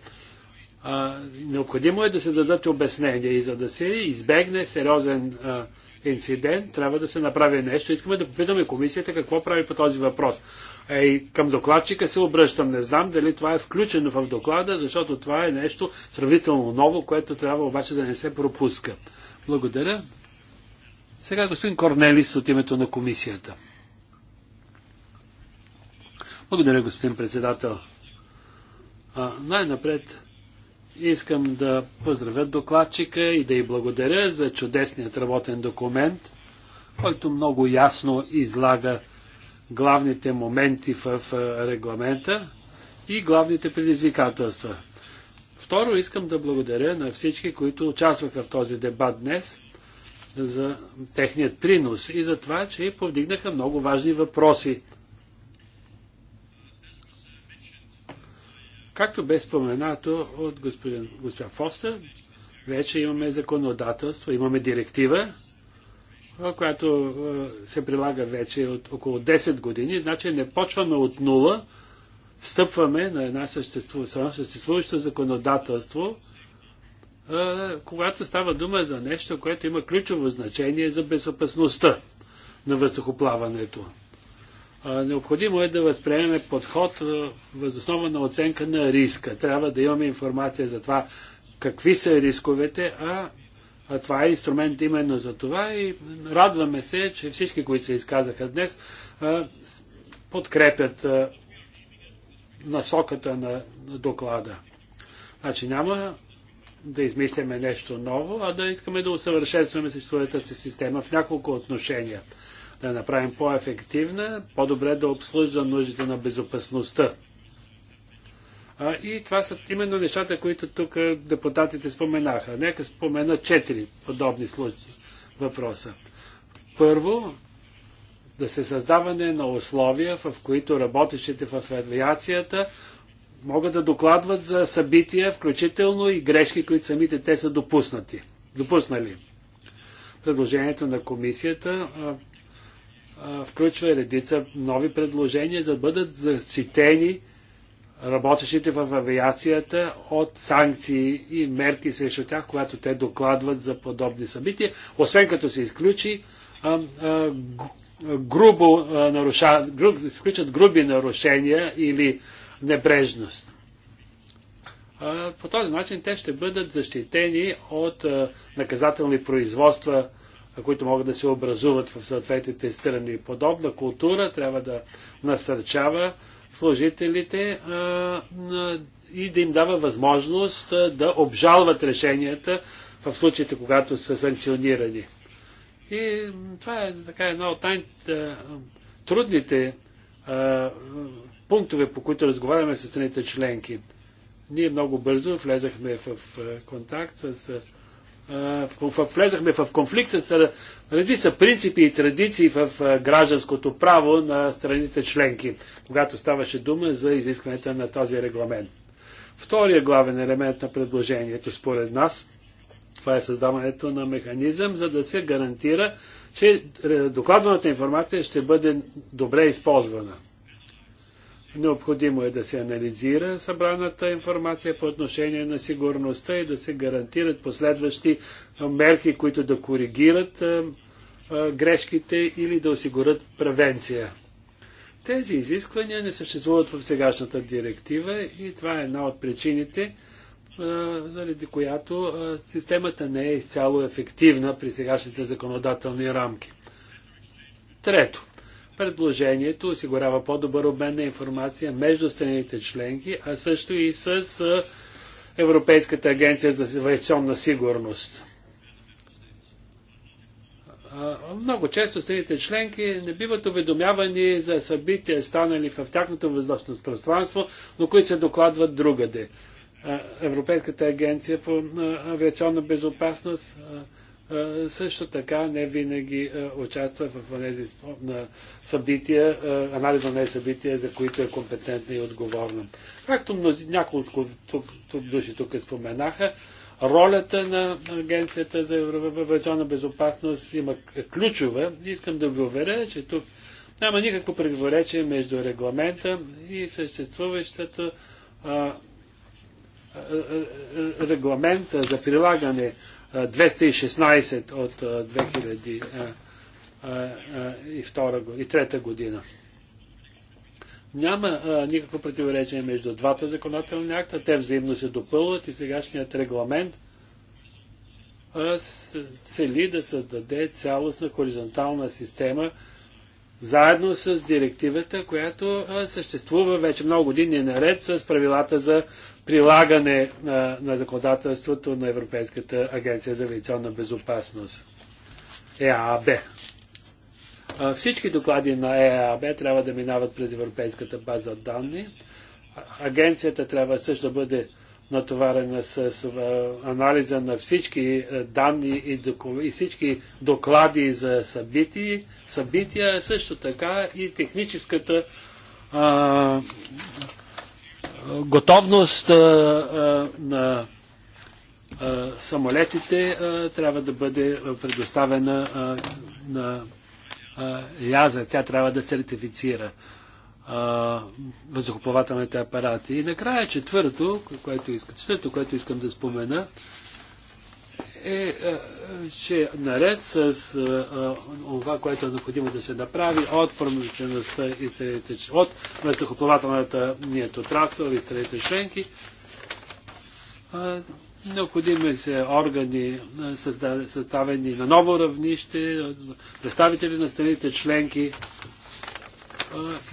S1: А, необходимо е да се дадат обяснения и за да се избегне сериозен а, инцидент, трябва да се направи нещо. Искаме да попитаме комисията какво прави по този въпрос. и към докладчика се обръщам. Не знам дали това е включено в доклада, защото това е нещо сравнително ново, което трябва обаче да не се пропуска. Благодаря. Сега господин Корнелис от името на комисията. Благодаря, господин председател. най-напред искам да поздравя докладчика и да й благодаря за чудесният работен документ, който много ясно излага главните моменти в регламента и главните предизвикателства. Второ, искам да благодаря на всички, които участваха в този дебат днес за техният принос и за това, че повдигнаха много важни въпроси. Както бе споменато от господин, господин Фостер, вече имаме законодателство, имаме директива, която е, се прилага вече от около 10 години, значи не почваме от нула, стъпваме на една съществуваща, съществуващо законодателство, когато става дума за нещо, което има ключово значение за безопасността на въздухоплаването. Необходимо е да възприемем подход възоснова на оценка на риска. Трябва да имаме информация за това какви са рисковете, а, а това е инструмент именно за това и радваме се, че всички, които се изказаха днес, подкрепят насоката на доклада. Значи няма да измисляме нещо ново, а да искаме да усъвършенстваме съществуващата си система в няколко отношения. Да я направим по-ефективна, по-добре да обслужва нуждите на безопасността. А, и това са именно нещата, които тук депутатите споменаха. Нека спомена четири подобни случаи въпроса. Първо, да се създаване на условия, в които работещите в авиацията могат да докладват за събития, включително и грешки, които самите те са допуснати, допуснали. Предложението на комисията а, а, включва редица нови предложения, за да бъдат защитени работещите в авиацията от санкции и мерки срещу тях, когато те докладват за подобни събития, освен като се изключи а, а, грубо, а, наруша, гру, изключат груби нарушения или небрежност. По този начин те ще бъдат защитени от наказателни производства, които могат да се образуват в съответните страни. Подобна култура трябва да насърчава служителите и да им дава възможност да обжалват решенията в случаите, когато са санкционирани. И това е така една от най-трудните пунктове, по които разговаряме с страните членки. Ние много бързо влезахме в, е, контакт с. Е, влезахме в конфликт с е, редица принципи и традиции в гражданското право на страните членки, когато ставаше дума за изискването на този регламент. Втория главен елемент на предложението според нас, това е създаването на механизъм, за да се гарантира, че докладваната информация ще бъде добре използвана. Необходимо е да се анализира събраната информация по отношение на сигурността и да се гарантират последващи мерки, които да коригират грешките или да осигурят превенция. Тези изисквания не съществуват в сегашната директива и това е една от причините, заради която системата не е изцяло ефективна при сегашните законодателни рамки. Трето, Предложението осигурява по-добър обмен на информация между страните членки, а също и с Европейската агенция за авиационна сигурност. Много често страните членки не биват уведомявани за събития, станали в тяхното въздушно пространство, но които се докладват другаде. Европейската агенция по авиационна безопасност също така не винаги участва в тези събития, анализ на тези събития, за които е компетентна и отговорна. Както няколко души тук споменаха, ролята на Агенцията за авиационна безопасност има ключова. Искам да ви уверя, че тук няма никакво предворечие между регламента и съществуващата регламента за прилагане 216 от 2002 година. Няма а, никакво противоречие между двата законодателни акта. Те взаимно се допълват и сегашният регламент а, цели да създаде цялостна хоризонтална система заедно с директивата, която а, съществува вече много години наред с правилата за прилагане на, на законодателството на Европейската агенция за авиационна безопасност. ЕАБ. Всички доклади на ЕАБ трябва да минават през Европейската база данни. Агенцията трябва също да бъде натоварена с анализа на всички данни и, и всички доклади за събития, събития също така и техническата а, готовност на самолетите трябва да бъде предоставена на ЯЗА. Тя трябва да сертифицира въздухоплавателните апарати. И накрая четвърто, което искам, четвърто, което искам да спомена, е, е, че наред с това, е, е, което е необходимо да се направи от промишлеността и страните, от въздухоплавателната ният отрасъл и страните членки, необходими се органи, съставени на ново равнище, представители на страните членки,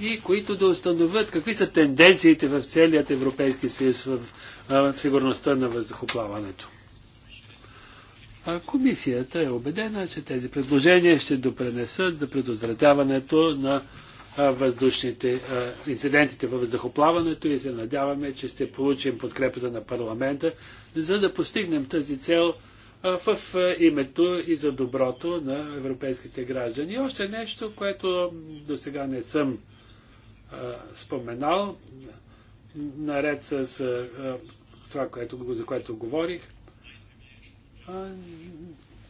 S1: и които да установят какви са тенденциите в целият Европейски съюз в сигурността на въздухоплаването. Комисията е убедена, че тези предложения ще допренесат за предотвратяването на въздушните инцидентите във въздухоплаването и се надяваме, че ще получим подкрепата на парламента, за да постигнем тази цел в името и за доброто на европейските граждани. И още нещо, което до сега не съм споменал, наред с това, което, за което говорих,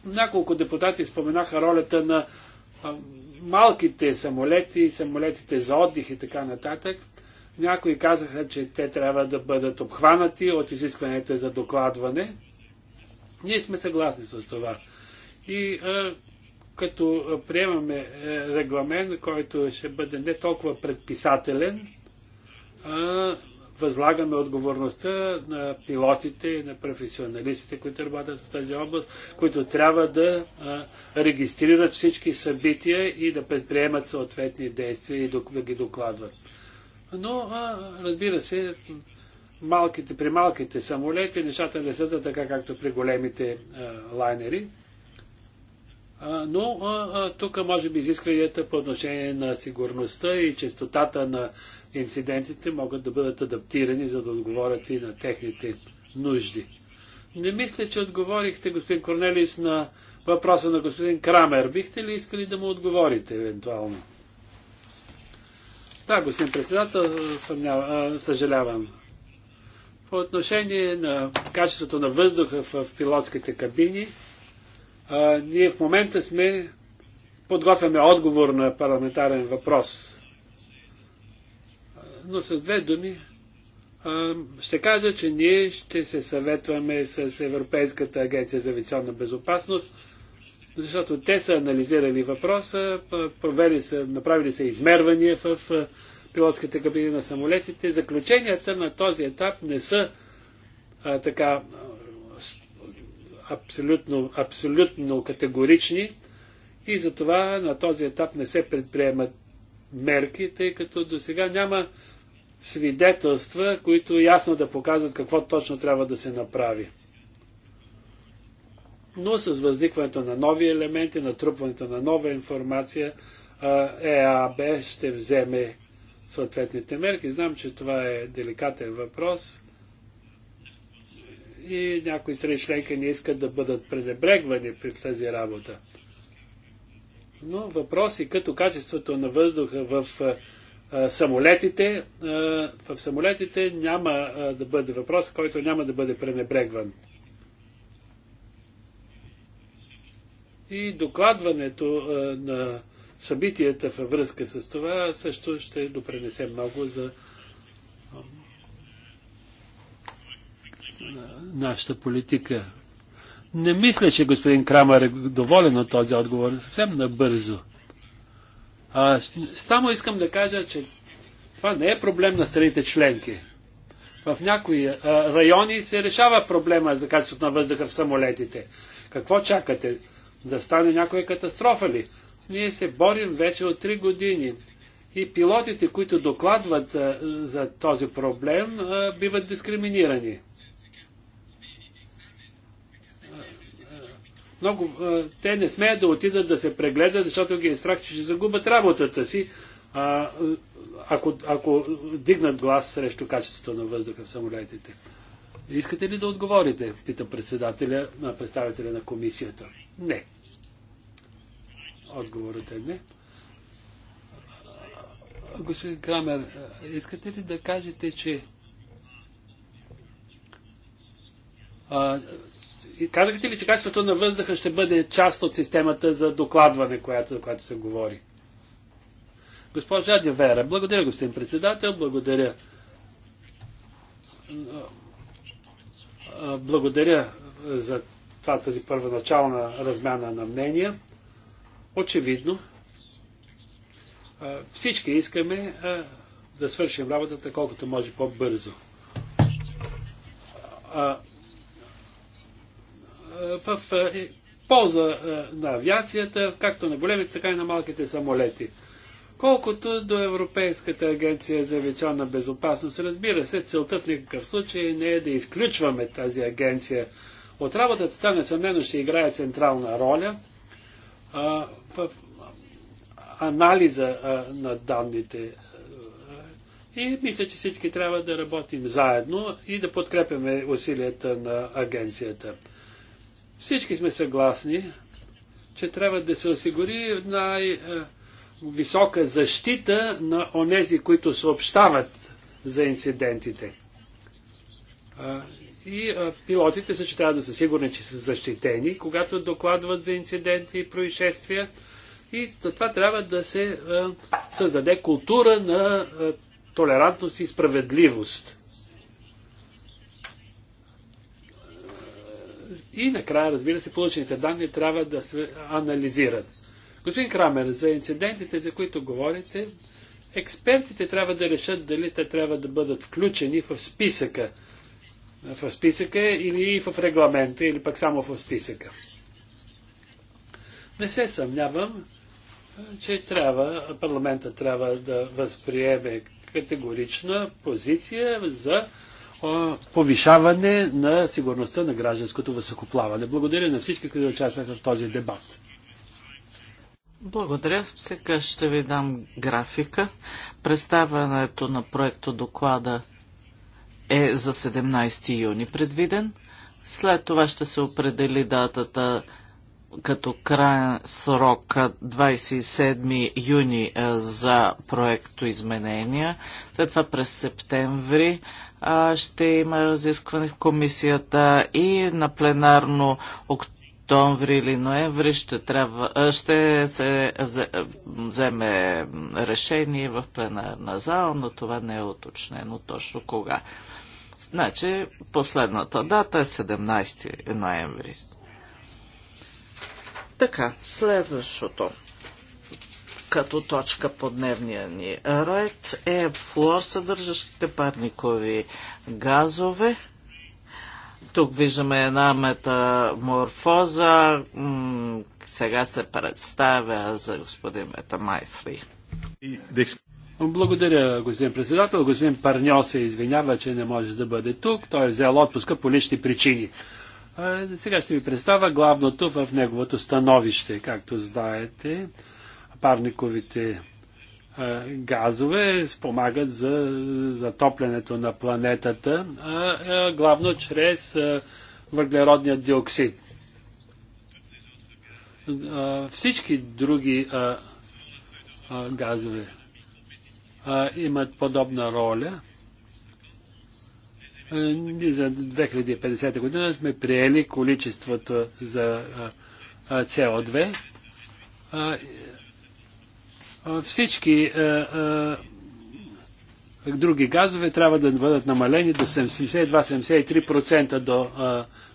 S1: няколко депутати споменаха ролята на малките самолети, самолетите за отдих и така нататък. Някои казаха, че те трябва да бъдат обхванати от изискванията за докладване. Ние сме съгласни с това. И а, като приемаме е, регламент, който ще бъде не толкова предписателен, а, възлагаме отговорността на пилотите и на професионалистите, които работят в тази област, които трябва да регистрират всички събития и да предприемат съответни действия и да ги докладват. Но, а, разбира се, малките, при малките самолети нещата не са така, както при големите а, лайнери. А, но тук може би изискванията по отношение на сигурността и честотата на инцидентите могат да бъдат адаптирани, за да отговорят и на техните нужди. Не мисля, че отговорихте, господин Корнелис, на въпроса на господин Крамер. Бихте ли искали да му отговорите, евентуално? Да, господин председател, съжалявам. По отношение на качеството на въздуха в пилотските кабини, а, ние в момента сме подготвяме отговор на парламентарен въпрос но с две думи ще кажа, че ние ще се съветваме с Европейската агенция за авиационна безопасност, защото те са анализирали въпроса, провели са, направили са измервания в пилотските кабини на самолетите. Заключенията на този етап не са а, така абсолютно, абсолютно категорични и затова на този етап не се предприемат мерки, тъй като до сега няма свидетелства, които ясно да показват какво точно трябва да се направи. Но с възникването на нови елементи, натрупването на нова информация, ЕАБ ще вземе съответните мерки. Знам, че това е деликатен въпрос и някои страни членки не искат да бъдат пренебрегвани при тази работа. Но въпроси като качеството на въздуха в самолетите, в самолетите няма да бъде въпрос, който няма да бъде пренебрегван. И докладването на събитията във връзка с това също ще допренесе много за нашата политика. Не мисля, че господин Крамър е доволен от този отговор. Съвсем набързо. А, само искам да кажа, че това не е проблем на страните членки. В някои а, райони се решава проблема за качеството на въздуха в самолетите. Какво чакате? Да стане някоя катастрофа ли? Ние се борим вече от 3 години. И пилотите, които докладват а, за този проблем, а, биват дискриминирани. Много, те не смеят да отидат да се прегледат, защото ги е страх, че ще загубят работата си, а, ако, ако дигнат глас срещу качеството на въздуха в самолетите. Искате ли да отговорите? Пита председателя на представителя на комисията. Не. Отговорът е не. Господин Крамер, искате ли да кажете, че а, казахте ли, че качеството на въздуха ще бъде част от системата за докладване, която, за която се говори? Госпожа Дявера, благодаря, господин председател, благодаря. Благодаря за това, тази първоначална размяна на мнения. Очевидно, всички искаме да свършим работата колкото може по-бързо в е, полза е, на авиацията, както на големите, така и на малките самолети. Колкото до Европейската агенция за авиационна безопасност, разбира се, целта в никакъв случай не е да изключваме тази агенция от работата. Та несъмнено ще играе централна роля а, в анализа а, на данните. И мисля, че всички трябва да работим заедно и да подкрепяме усилията на агенцията. Всички сме съгласни, че трябва да се осигури най-висока е, защита на онези, които съобщават за инцидентите. Е, и е, пилотите също трябва да са сигурни, че са защитени, когато докладват за инциденти и происшествия. И за това трябва да се създаде култура на толерантност и справедливост. И накрая, разбира се, получените данни трябва да се анализират. Господин Крамер, за инцидентите, за които говорите, експертите трябва да решат дали те трябва да бъдат включени в списъка. В списъка или в регламента, или пък само в списъка. Не се съмнявам, че трябва, парламента трябва да възприеме категорична позиция за повишаване на сигурността на гражданското високоплаване. Благодаря на всички, които участваха в този дебат.
S3: Благодаря. Сега ще ви дам графика. Представянето на проекто доклада е за 17 юни предвиден. След това ще се определи датата като крайен срок 27 юни е, за проекто изменения. След това през септември ще има разискване в комисията и на пленарно октомври или ноември ще, трябва, ще се вземе решение в пленарна зала, но това не е уточнено точно кога. Значи последната дата е 17 ноември. Така, следващото като точка по дневния ни ред е флор, съдържащите парникови газове. Тук виждаме една метаморфоза. сега се представя за господин Метамайфри. Благодаря, господин
S1: председател. Господин Парньо се извинява, че не може да бъде тук. Той е взел отпуска по лични причини. Сега ще ви представя главното в неговото становище, както знаете парниковите е, газове спомагат за затоплянето на планетата, главно чрез въглеродния диоксид. Всички други газове имат подобна роля. Ние за 2050 година сме приели количеството за CO2 всички е, е, други газове трябва да бъдат намалени до 72-73% до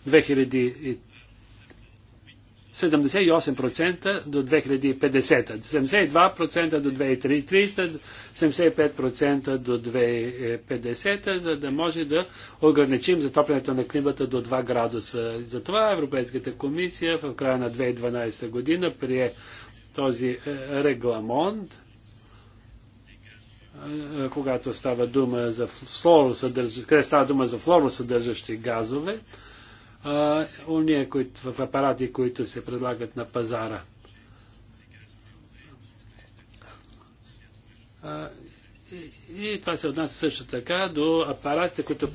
S1: 2000 78% до 2050, 72% до 2030, 75% до 2050, за да може да ограничим затоплянето на климата до 2 градуса. Затова Европейската комисия в края на 2012 година прие този е, регламент, е, когато става дума за флоросъдържащи, къде става дума за флоросъдържащи газове, уния които, в апарати, които се предлагат на пазара. и, и това се отнася също така до апаратите, които,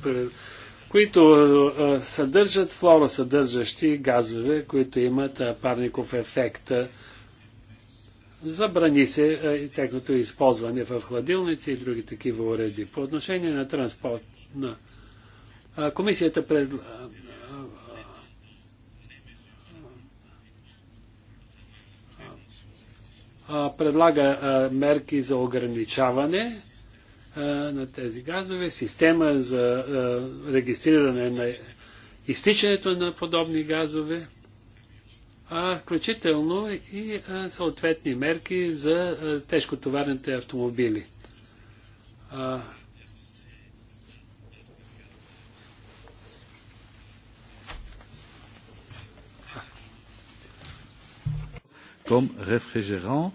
S1: които съдържат флоросъдържащи газове, които имат парников ефект. Забрани се е, техното използване в хладилници и други такива уреди. По отношение на транспорт, на, а, комисията пред, а, а, а, предлага а, мерки за ограничаване а, на тези газове, система за а, регистриране на изтичането на подобни газове а, включително и съответни мерки за тежкотоварните автомобили. А, comme réfrigérant,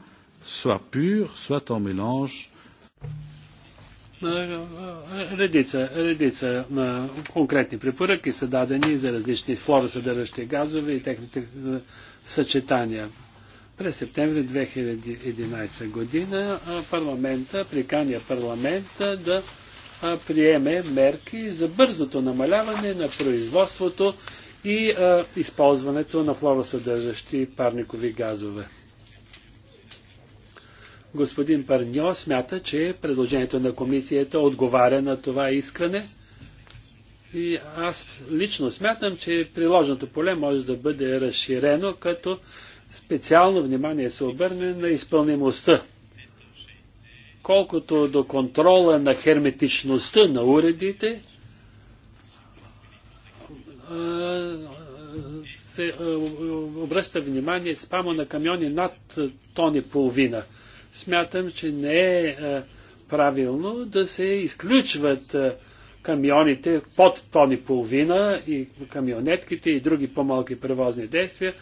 S1: soit pur, soit en mélange е, редица, редица на е, конкретни препоръки са дадени за различни флоросъдържащи газове и техните е, съчетания. През септември 2011 година парламента приканя парламента да приеме мерки за бързото намаляване на производството и а, използването на флоросъдържащи парникови газове. Господин Парньо смята, че предложението на комисията отговаря на това искане. И аз лично смятам, че приложното поле може да бъде разширено, като специално внимание се обърне на изпълнимостта. Колкото до контрола на херметичността на уредите, се обръща внимание спамо на камиони над тони половина смятам, че не е, е правилно да се изключват е, камионите под тони половина и камионетките и други по-малки превозни действия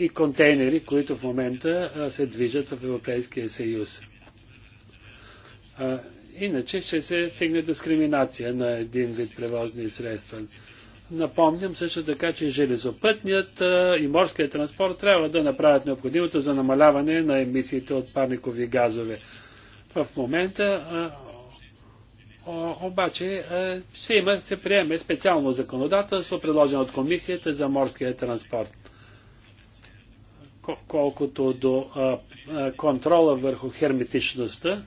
S1: и контейнери, които в момента е, се движат в Европейския съюз. Иначе ще се стигне дискриминация на един вид превозни средства. Напомням също така, че железопътният и морският транспорт трябва да направят необходимото за намаляване на емисиите от парникови газове. В момента обаче ще има, се приеме специално законодателство, предложено от комисията за морския транспорт. Колкото до контрола върху херметичността,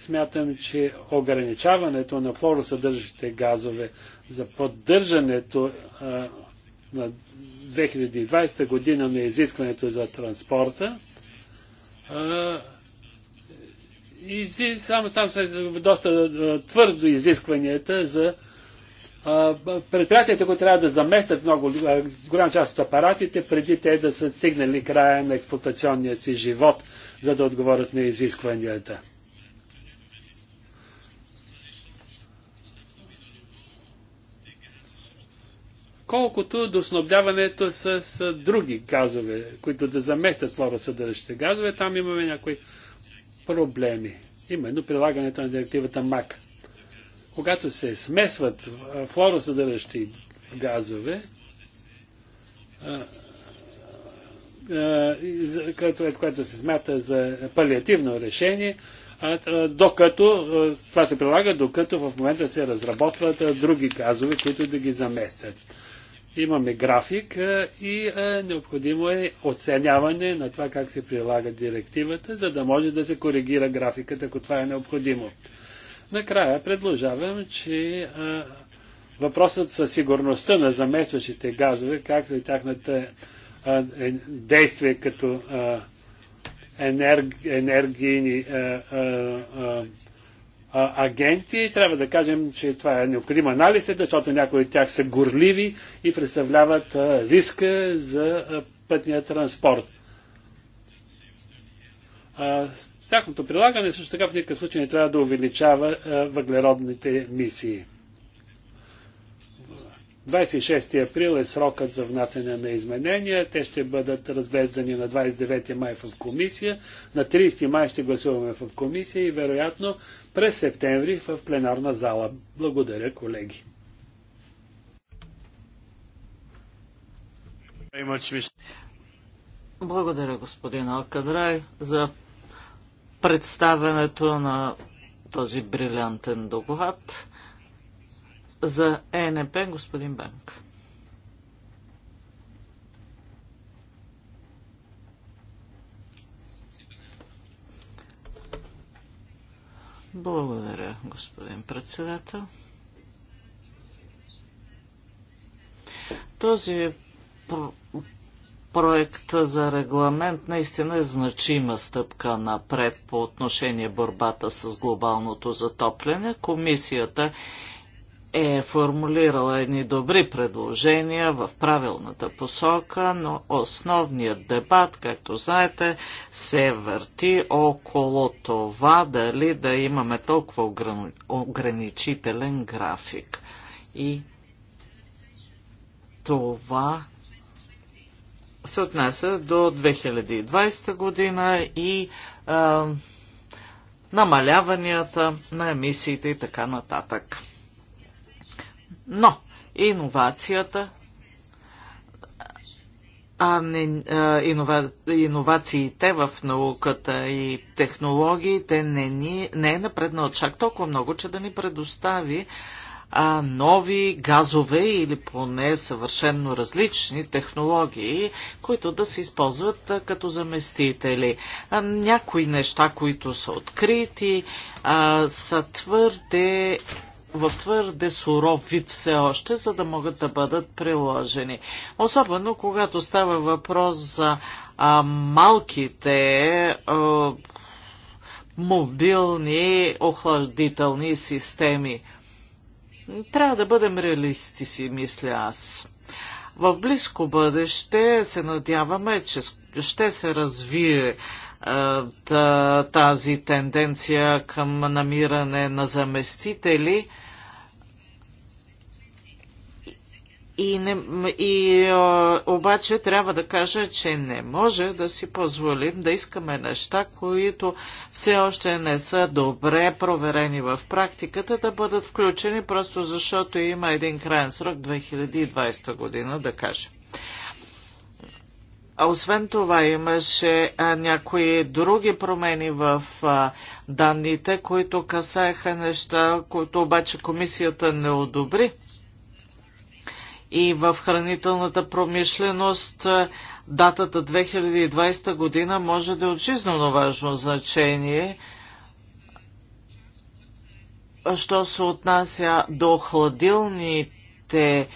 S1: Смятам, че ограничаването на флоросъдържащите газове за поддържането а, на 2020 година на изискването за транспорта а, и само там са доста твърдо изискванията за предприятията, които трябва да заместят много голям част от апаратите, преди те да са стигнали края на експлуатационния си живот, за да отговорят на изискванията. колкото до снабдяването с други газове, които да заместят флоросъдържащите газове. Там имаме някои проблеми. Именно прилагането на директивата МАК. Когато се смесват флоросъдържащи газове, което, което се смята за палиативно решение, докато това се прилага, докато в момента се разработват други газове, които да ги заместят. Имаме график и необходимо е оценяване на това как се прилага директивата, за да може да се коригира графиката, ако това е необходимо. Накрая предложавам, че въпросът със сигурността на заместващите газове, както и тяхната е, действие като енерг, енергийни а, а, а, а, агенти. Трябва да кажем, че това е необходим анализ, защото някои от тях са горливи и представляват а, риска за а, пътния транспорт. А, тяхното прилагане също така в никакъв случай не трябва да увеличава а, въглеродните мисии. 26 април е срокът за внасяне на изменения. Те ще бъдат разглеждани на 29 май в комисия. На 30 май ще гласуваме в комисия и вероятно през септември в пленарна зала. Благодаря, колеги.
S3: Благодаря, господин Алкадрай, за представенето на този брилянтен доклад за ЕНП, господин Банк. Благодаря, господин председател. Този проект за регламент наистина е значима стъпка напред по отношение борбата с глобалното затопляне. Комисията е формулирала едни добри предложения в правилната посока, но основният дебат, както знаете, се върти около това дали да имаме толкова ограничителен график. И това се отнася до 2020 година и а, намаляванията на емисиите и така нататък. Но иновацията, а не, а, инова, иновациите в науката и технологиите не, ни, не е напреднал чак толкова много, че да ни предостави а, нови газове или поне съвършенно различни технологии, които да се използват а, като заместители. А, някои неща, които са открити, а, са твърде в твърде суров вид все още, за да могат да бъдат приложени. Особено когато става въпрос за а, малките а, мобилни охладителни системи. Трябва да бъдем реалисти си, мисля аз. В близко бъдеще се надяваме, че ще се развие тази тенденция към намиране на заместители и, не, и обаче трябва да кажа, че не може да си позволим да искаме неща, които все още не са добре проверени в практиката, да бъдат включени просто защото има един крайен срок 2020 година, да кажем. Освен това имаше а, някои други промени в а, данните, които касаеха неща, които обаче комисията не одобри. И в хранителната промишленост а, датата 2020 година може да е от жизненно важно значение, що се отнася до хладилните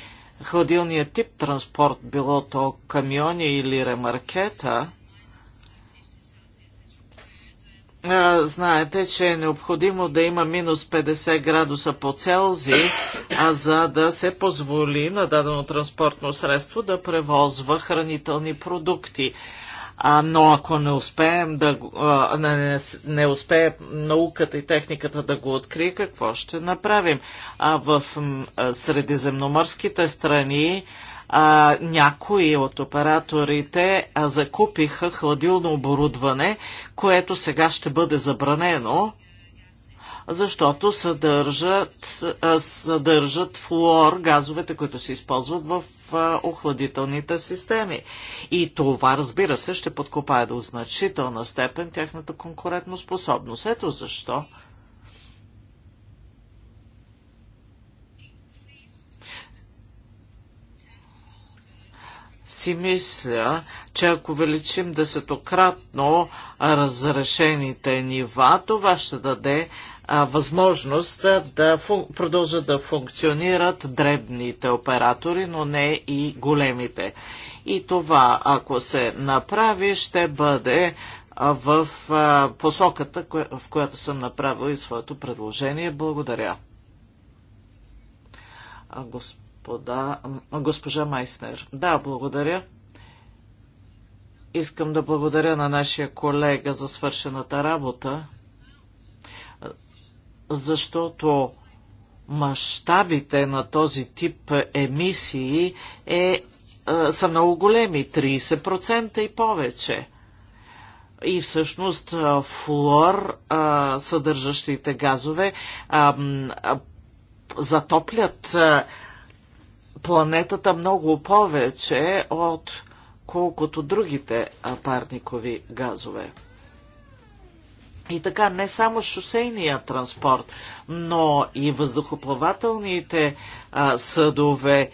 S3: хладилният тип транспорт, било то камиони или ремаркета, знаете, че е необходимо да има минус 50 градуса по Целзий, а за да се позволи на дадено транспортно средство да превозва хранителни продукти. А, но ако не успеем да а, не, не успее науката и техниката да го открие, какво ще направим? А в а, средиземноморските страни а, някои от операторите а, закупиха хладилно оборудване, което сега ще бъде забранено защото съдържат, съдържат флуор, газовете, които се използват в охладителните системи. И това, разбира се, ще подкопае до значителна степен тяхната конкурентно способност. Ето защо си мисля, че ако увеличим десетократно разрешените нива, това ще даде а, възможност да продължат да функционират дребните оператори, но не и големите. И това, ако се направи, ще бъде в посоката, в която съм направил и своето предложение. Благодаря. Господа, госпожа Майснер. Да, благодаря. Искам да благодаря на нашия колега за свършената работа защото мащабите на този тип емисии е, е, са много големи 30% и повече. И всъщност флуор, съдържащите газове, затоплят планетата много повече от колкото другите парникови газове. И така не само шосейния транспорт, но и въздухоплавателните а, съдове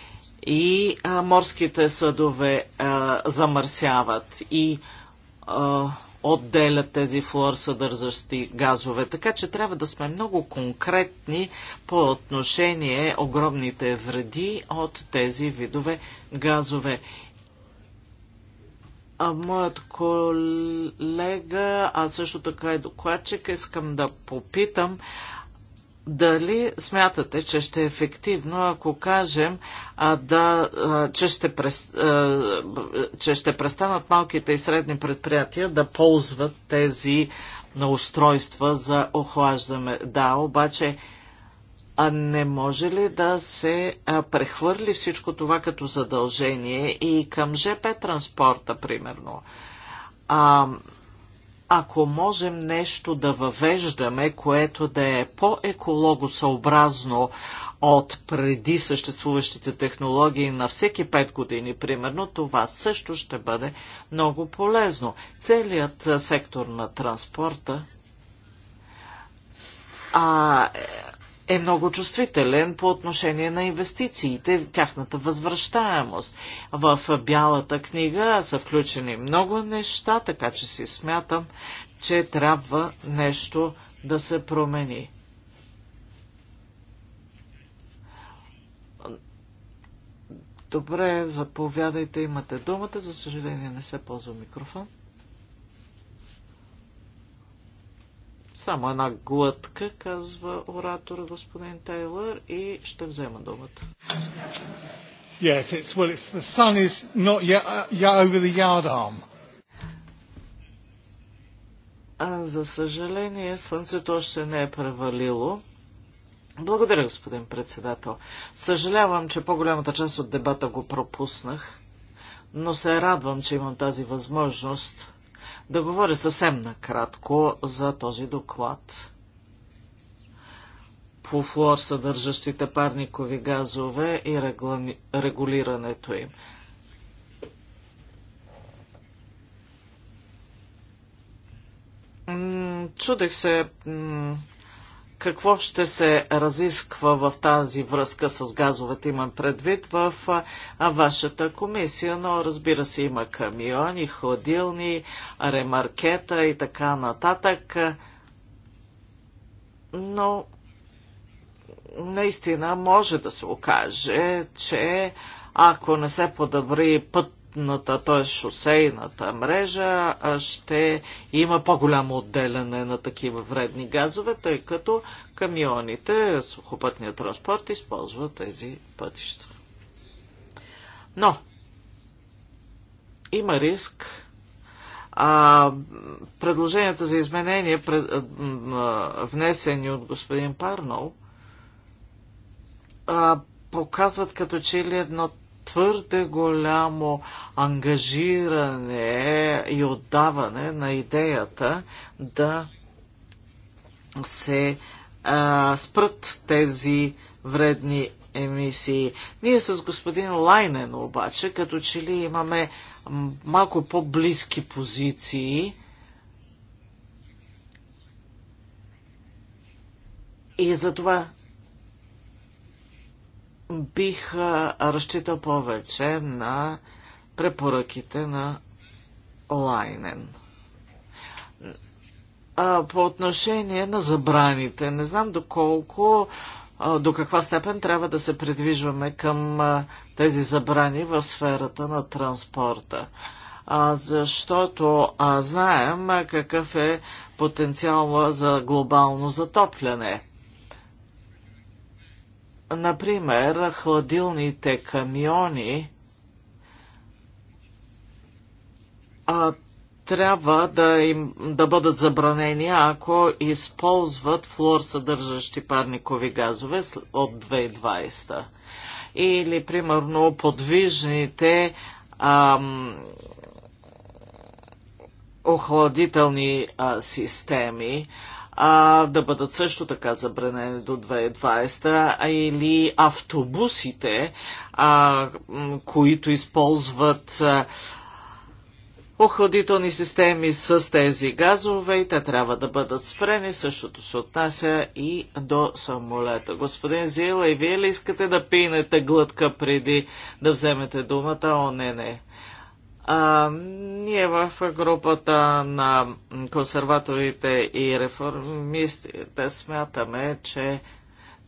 S3: и а, морските съдове а, замърсяват и а, отделят тези флуорсъдържащи газове. Така че трябва да сме много конкретни по отношение огромните вреди от тези видове газове а, моят колега, а също така и докладчик, искам да попитам дали смятате, че ще е ефективно, ако кажем, а, да, а, че, ще прес, а, че ще престанат малките и средни предприятия да ползват тези на устройства за охлаждане. Да, обаче а не може ли да се прехвърли всичко това като задължение и към ЖП транспорта, примерно? А, ако можем нещо да въвеждаме, което да е по-екологосъобразно от преди съществуващите технологии на всеки 5 години, примерно, това също ще бъде много полезно. Целият сектор на транспорта а, е, е много чувствителен по отношение на инвестициите, тяхната възвръщаемост. В Бялата книга са включени много неща, така че си смятам, че трябва нещо да се промени. Добре, заповядайте, имате думата. За съжаление не се ползва микрофон. Само една глътка, казва оратора господин Тейлър и ще взема думата. Yes, it's, well, it's, the sun is not yet, uh, yet over the yard arm. А, за съжаление, слънцето още не е превалило. Благодаря, господин председател. Съжалявам, че по-голямата част от дебата го пропуснах, но се радвам, че имам тази възможност да говоря съвсем накратко за този доклад. По флор съдържащите парникови газове и реглами... регулирането им. Чудех се какво ще се разисква в тази връзка с газовете, имам предвид, в вашата комисия, но разбира се има камиони, хладилни, ремаркета и така нататък. Но наистина може да се окаже, че ако не се подобри път пътната, т.е. шосейната мрежа ще има по-голямо отделяне на такива вредни газове, тъй като камионите, сухопътният транспорт използва тези пътища. Но има риск а, предложенията за изменение, пред, а, внесени от господин Парнол, а, показват като че ли едно твърде голямо ангажиране и отдаване на идеята да се а, спрат тези вредни емисии. Ние с господин Лайнен обаче, като че ли имаме малко по-близки позиции и за това бих разчитал повече на препоръките на Лайнен. А, по отношение на забраните, не знам доколко, до каква степен трябва да се придвижваме към тези забрани в сферата на транспорта. А, защото а, знаем какъв е потенциал за глобално затопляне – Например, хладилните камиони а, трябва да, им, да бъдат забранени, ако използват флор съдържащи парникови газове от 2020. Или, примерно, подвижните ам, охладителни а, системи а, да бъдат също така забранени до 2020, а или автобусите, а, които използват охладителни системи с тези газове и те трябва да бъдат спрени. Същото се отнася и до самолета. Господин Зила, и вие ли искате да пинете глътка преди да вземете думата? О, не, не. А, ние в групата на консерваторите и реформистите смятаме, че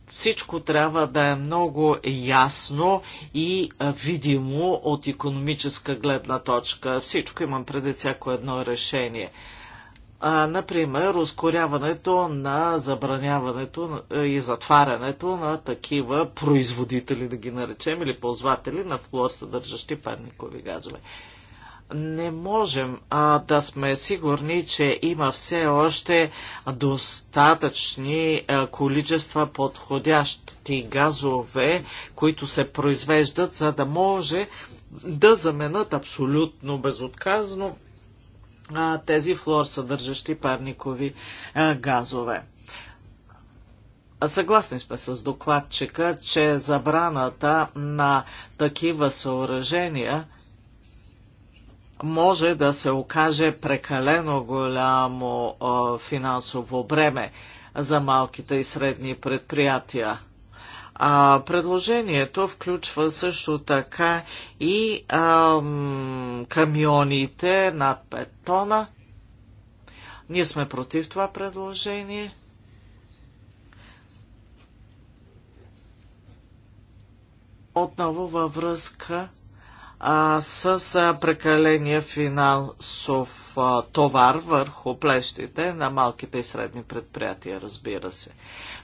S3: всичко трябва да е много ясно и видимо от економическа гледна точка. Всичко имам преди всяко едно решение. А, например, ускоряването на забраняването и затварянето на такива производители, да ги наречем, или ползватели на флор, съдържащи парникови газове не можем а, да сме сигурни, че има все още достатъчни а, количества подходящи газове, които се произвеждат, за да може да заменят абсолютно безотказно а, тези флор съдържащи парникови а, газове. Съгласни сме с докладчика, че забраната на такива съоръжения – може да се окаже прекалено голямо финансово бреме за малките и средни предприятия. А, предложението включва също така и ам, камионите над 5 тона. Ние сме против това предложение. Отново във връзка а, с а, прекаления финансов а, товар върху плещите на малките и средни предприятия, разбира се.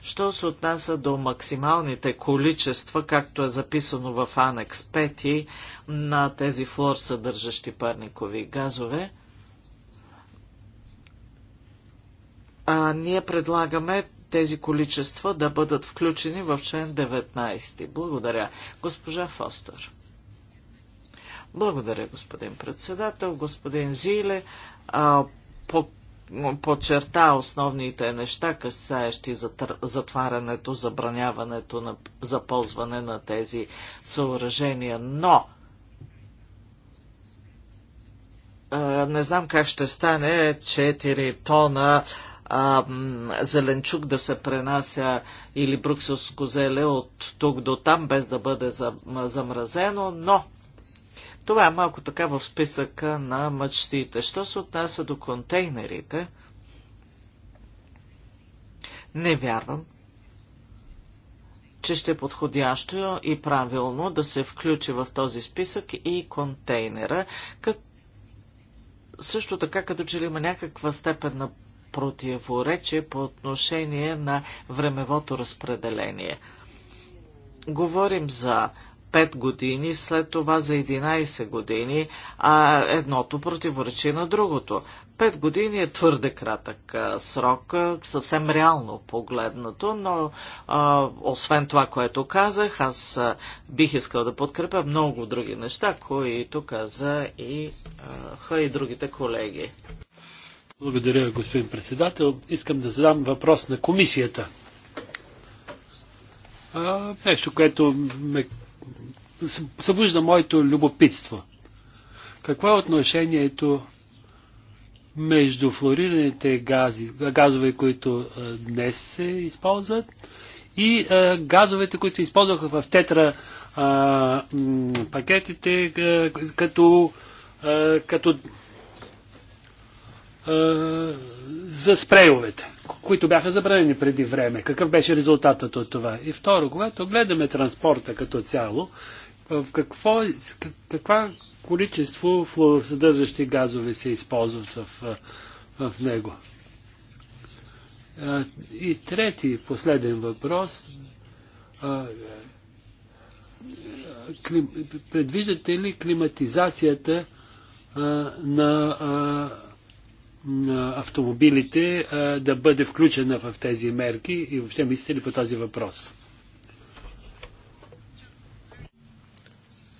S3: Що се отнася до максималните количества, както е записано в анекс 5 на тези флор съдържащи парникови газове, а, ние предлагаме тези количества да бъдат включени в член 19. Благодаря. Госпожа Фостер. Благодаря, господин председател. Господин Зиле а, по, подчерта основните неща, касаещи затварянето, забраняването на, за ползване на тези съоръжения. Но а, не знам как ще стане 4 тона а, зеленчук да се пренася или брукселско зеле от тук до там, без да бъде замразено, но това е малко така в списъка на мъчтите. Що се отнася до контейнерите? Не вярвам, че ще е подходящо и правилно да се включи в този списък и контейнера, като също така като че ли има някаква степен на противоречие по отношение на времевото разпределение. Говорим за 5 години, след това за 11 години, а едното противоречи на другото. 5 години е твърде кратък а, срок, а, съвсем реално погледнато, но а, освен това, което казах, аз а, бих искал да подкрепя много други неща, които каза и, а, ха и другите колеги. Благодаря,
S1: господин председател. Искам да задам въпрос на комисията. А, нещо, което ме събужда моето любопитство. Какво е отношението между флорираните гази, газове, които а, днес се използват и а, газовете, които се използваха в тетра а, пакетите като, като за спрейовете, които бяха забранени преди време. Какъв беше резултатът от това? И второ, когато гледаме транспорта като цяло, в е, какво, каква количество флуоросъдържащи газове се използват в, е, в него. Е, и трети, последен въпрос. Предвиждате ли климатизацията на автомобилите да бъде включена в тези мерки и въобще мислите ли по този въпрос?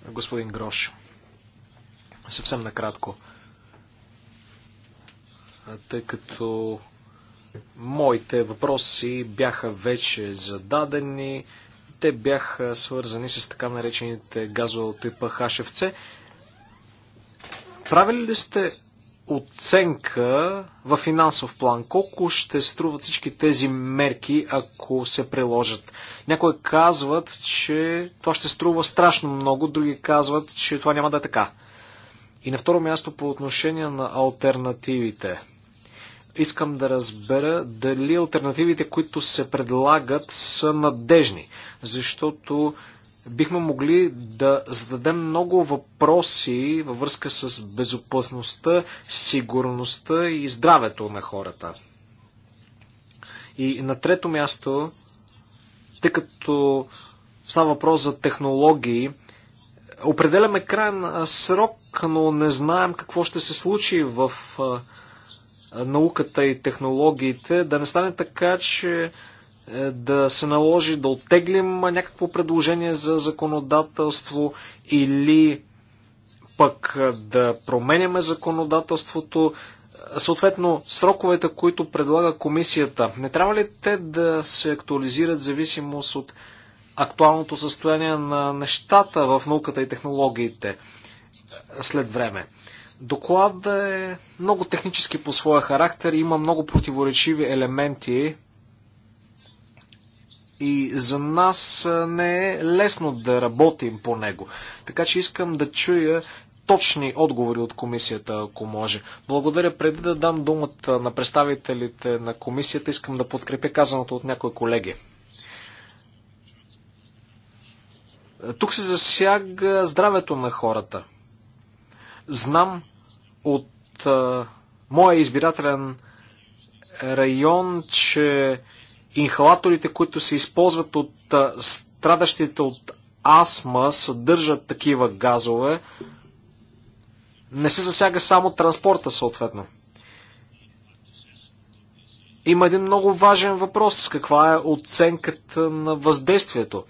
S2: господин Грош. Съвсем накратко. Тъй като моите въпроси бяха вече зададени, те бяха свързани с така наречените газове типа HFC. Правили ли сте оценка в финансов план? Колко ще струват всички тези мерки, ако се приложат? Някои казват, че това ще струва страшно много, други казват, че това няма да е така. И на второ място по отношение на альтернативите. Искам да разбера дали альтернативите, които се предлагат, са надежни, защото бихме могли да зададем много въпроси във връзка с безопасността, сигурността и здравето на хората. И на трето място, тъй като става въпрос за технологии, определяме крайен срок, но не знаем какво ще се случи в науката и технологиите. Да не стане така, че е, да се наложи да оттеглим някакво предложение за законодателство или пък е, да променяме законодателството, е, съответно сроковете, които предлага комисията, не трябва ли те да се актуализират в зависимост от актуалното състояние на нещата в науката и технологиите след време? Докладът е много технически по своя характер, има много противоречиви елементи, и за нас не е лесно да работим по него. Така че искам да чуя точни отговори от комисията, ако може. Благодаря. Преди да дам думата на представителите на комисията, искам да подкрепя казаното от някои колеги. Тук се засяга здравето на хората. Знам от а, моя избирателен район, че Инхалаторите, които се използват от страдащите от астма, съдържат такива газове. Не се засяга само транспорта, съответно. Има един много важен въпрос. Каква е оценката на въздействието?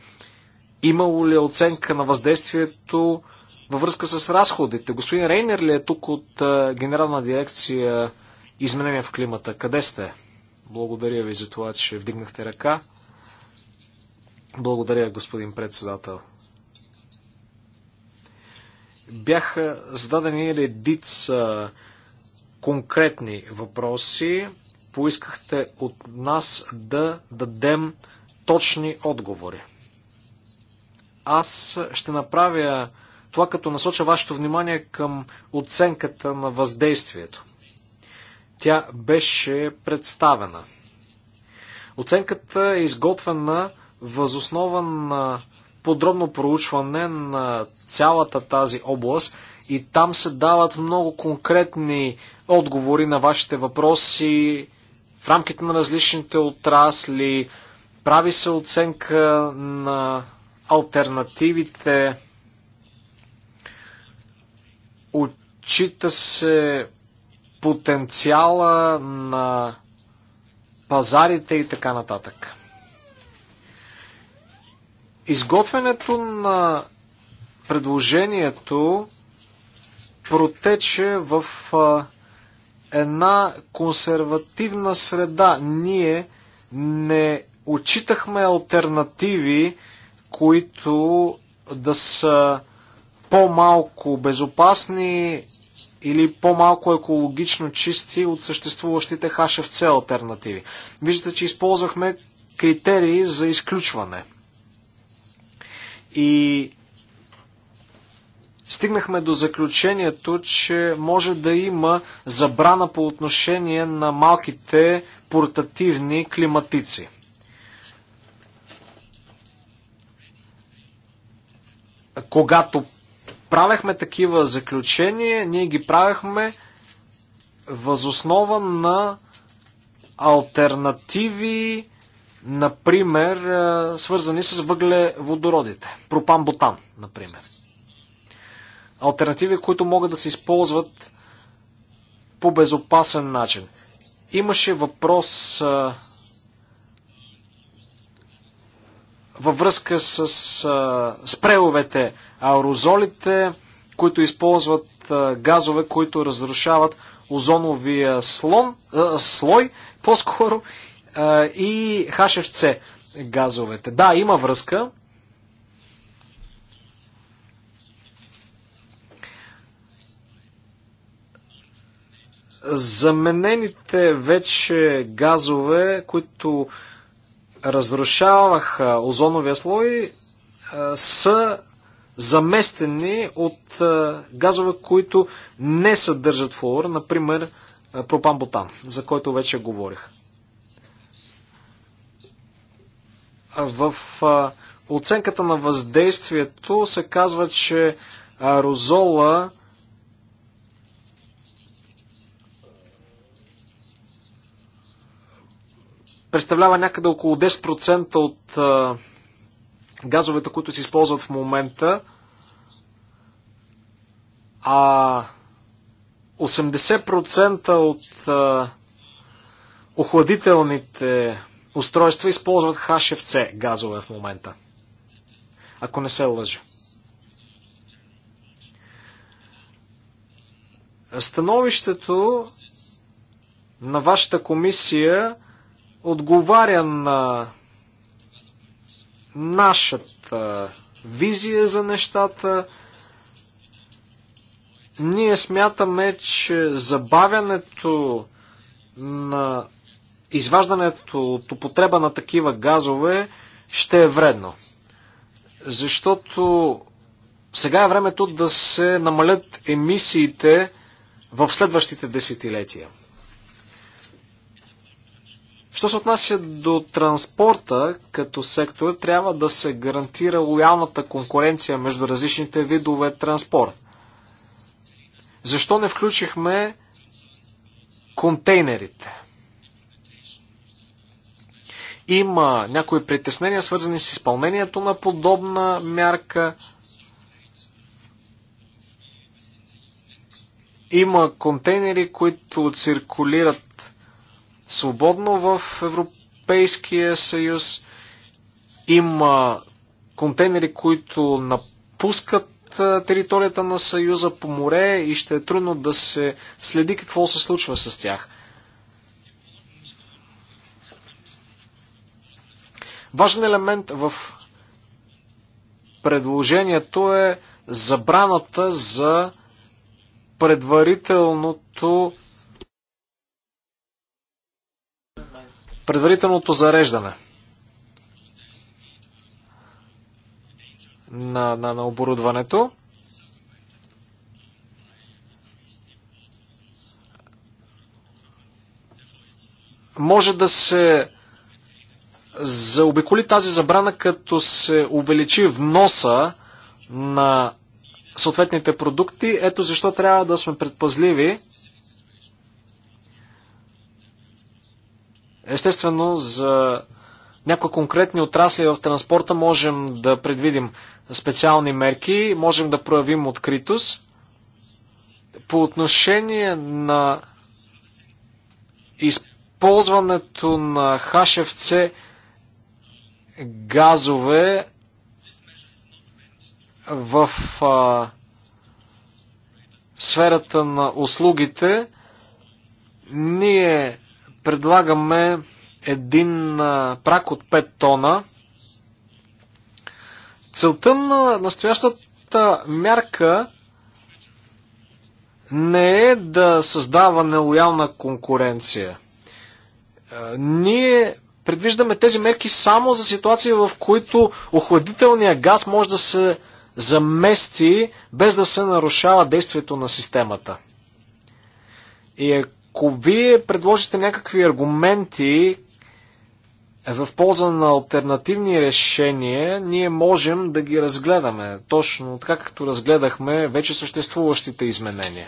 S2: Имало ли е оценка на въздействието във връзка с разходите? Господин Рейнер ли е тук от Генерална дирекция изменения в климата? Къде сте? Благодаря ви за това, че вдигнахте ръка. Благодаря, господин председател. Бяха зададени редица конкретни въпроси. Поискахте от нас да дадем точни отговори. Аз ще направя това, като насоча вашето внимание към оценката на въздействието. Тя беше представена. Оценката е изготвена възоснова на подробно проучване на цялата тази област и там се дават много конкретни отговори на вашите въпроси в рамките на различните отрасли, прави се оценка на альтернативите, отчита се потенциала на пазарите и така нататък. Изготвянето на предложението протече в една консервативна среда. Ние не отчитахме альтернативи, които да са по-малко безопасни или по-малко екологично чисти от съществуващите HFC альтернативи. Виждате, че използвахме критерии за изключване. И стигнахме до заключението, че може да има забрана по отношение на малките портативни климатици. Когато правехме такива заключения, ние ги правехме възоснова на альтернативи, например, е, свързани с въглеводородите. Пропан-бутан, например. Альтернативи, които могат да се използват по безопасен начин. Имаше въпрос е, във връзка с а, спреовете, аерозолите, които използват а, газове, които разрушават озоновия слон, а, слой, по-скоро, а, и ХФЦ газовете. Да, има връзка. Заменените вече газове, които а, разрушаваха озоновия слой, са заместени от газове, които не съдържат флуор, например пропан-бутан, за който вече говорих. В оценката на въздействието се казва, че аерозола представлява някъде около 10% от а, газовете, които се използват в момента. А 80% от а, охладителните устройства използват HFC газове в момента. Ако не се лъжа. Становището на вашата комисия отговаря на нашата визия за нещата. Ние смятаме, че забавянето на изваждането от употреба на такива газове ще е вредно. Защото сега е времето да се намалят емисиите в следващите десетилетия. Що се отнася до транспорта като сектор, трябва да се гарантира лоялната конкуренция между различните видове транспорт. Защо не включихме контейнерите? Има някои притеснения, свързани с изпълнението на подобна мярка. Има контейнери, които циркулират свободно в Европейския съюз. Има контейнери, които напускат територията на Съюза по море и ще е трудно да се следи какво се случва с тях. Важен елемент в предложението е забраната за предварителното Предварителното зареждане на, на, на оборудването. Може да се заобиколи тази забрана, като се увеличи вноса на съответните продукти. Ето защо трябва да сме предпазливи Естествено, за някои конкретни отрасли в транспорта можем да предвидим специални мерки, можем да проявим откритост. По отношение на използването на ХФЦ газове в а, сферата на услугите, ние предлагаме един прак от 5 тона. Целта на настоящата мярка не е да създава нелоялна конкуренция. Ние предвиждаме тези мерки само за ситуации, в които охладителният газ може да се замести без да се нарушава действието на системата. И е ако вие предложите някакви аргументи е в полза на альтернативни решения, ние можем да ги разгледаме, точно така както разгледахме вече съществуващите изменения.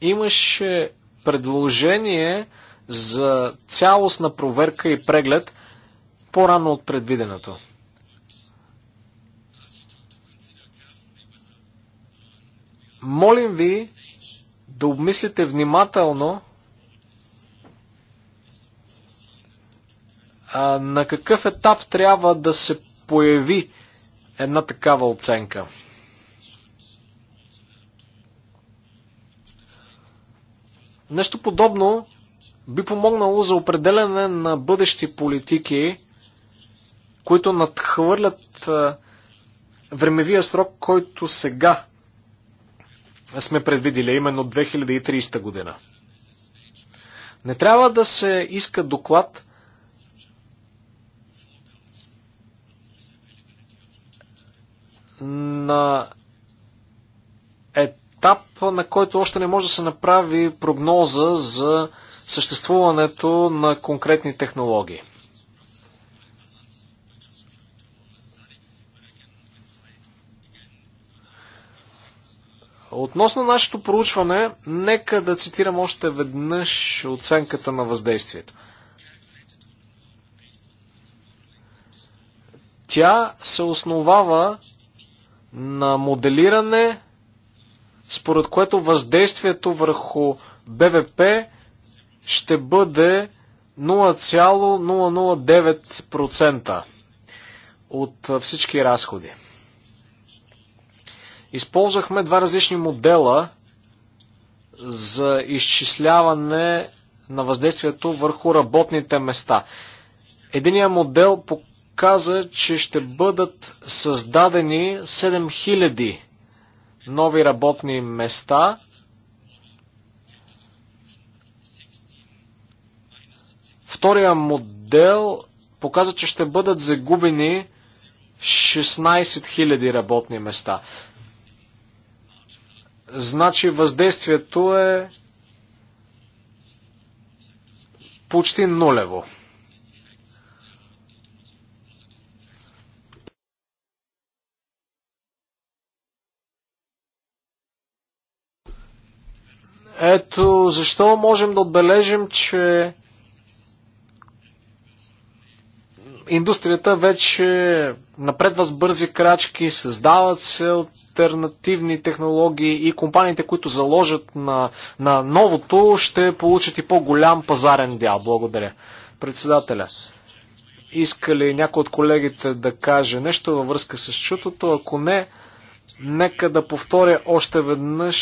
S2: Имаше предложение за цялостна проверка и преглед по-рано от предвиденото. Молим ви да обмислите внимателно а, на какъв етап трябва да се появи една такава оценка. Нещо подобно би помогнало за определене на бъдещи политики, които надхвърлят времевия срок, който сега сме предвидили, именно 2030 година. Не трябва да се иска доклад на етап, на който още не може да се направи прогноза за съществуването на конкретни технологии. Относно нашето проучване, нека да цитирам още веднъж оценката на въздействието. Тя се основава на моделиране, според което въздействието върху БВП ще бъде 0,009% от всички разходи. Използвахме два различни модела за изчисляване на въздействието върху работните места. Единият модел показа, че ще бъдат създадени 7000 нови работни места. Втория модел показа, че ще бъдат загубени 16 000 работни места. Значи въздействието е почти нулево. Ето защо можем да отбележим, че Индустрията вече напредва с бързи крачки, създават се альтернативни технологии и компаниите, които заложат на, на новото, ще получат и по-голям пазарен дял. Благодаря. Председателя иска ли някой от колегите да каже нещо във връзка с чутото. Ако не, нека да повторя още веднъж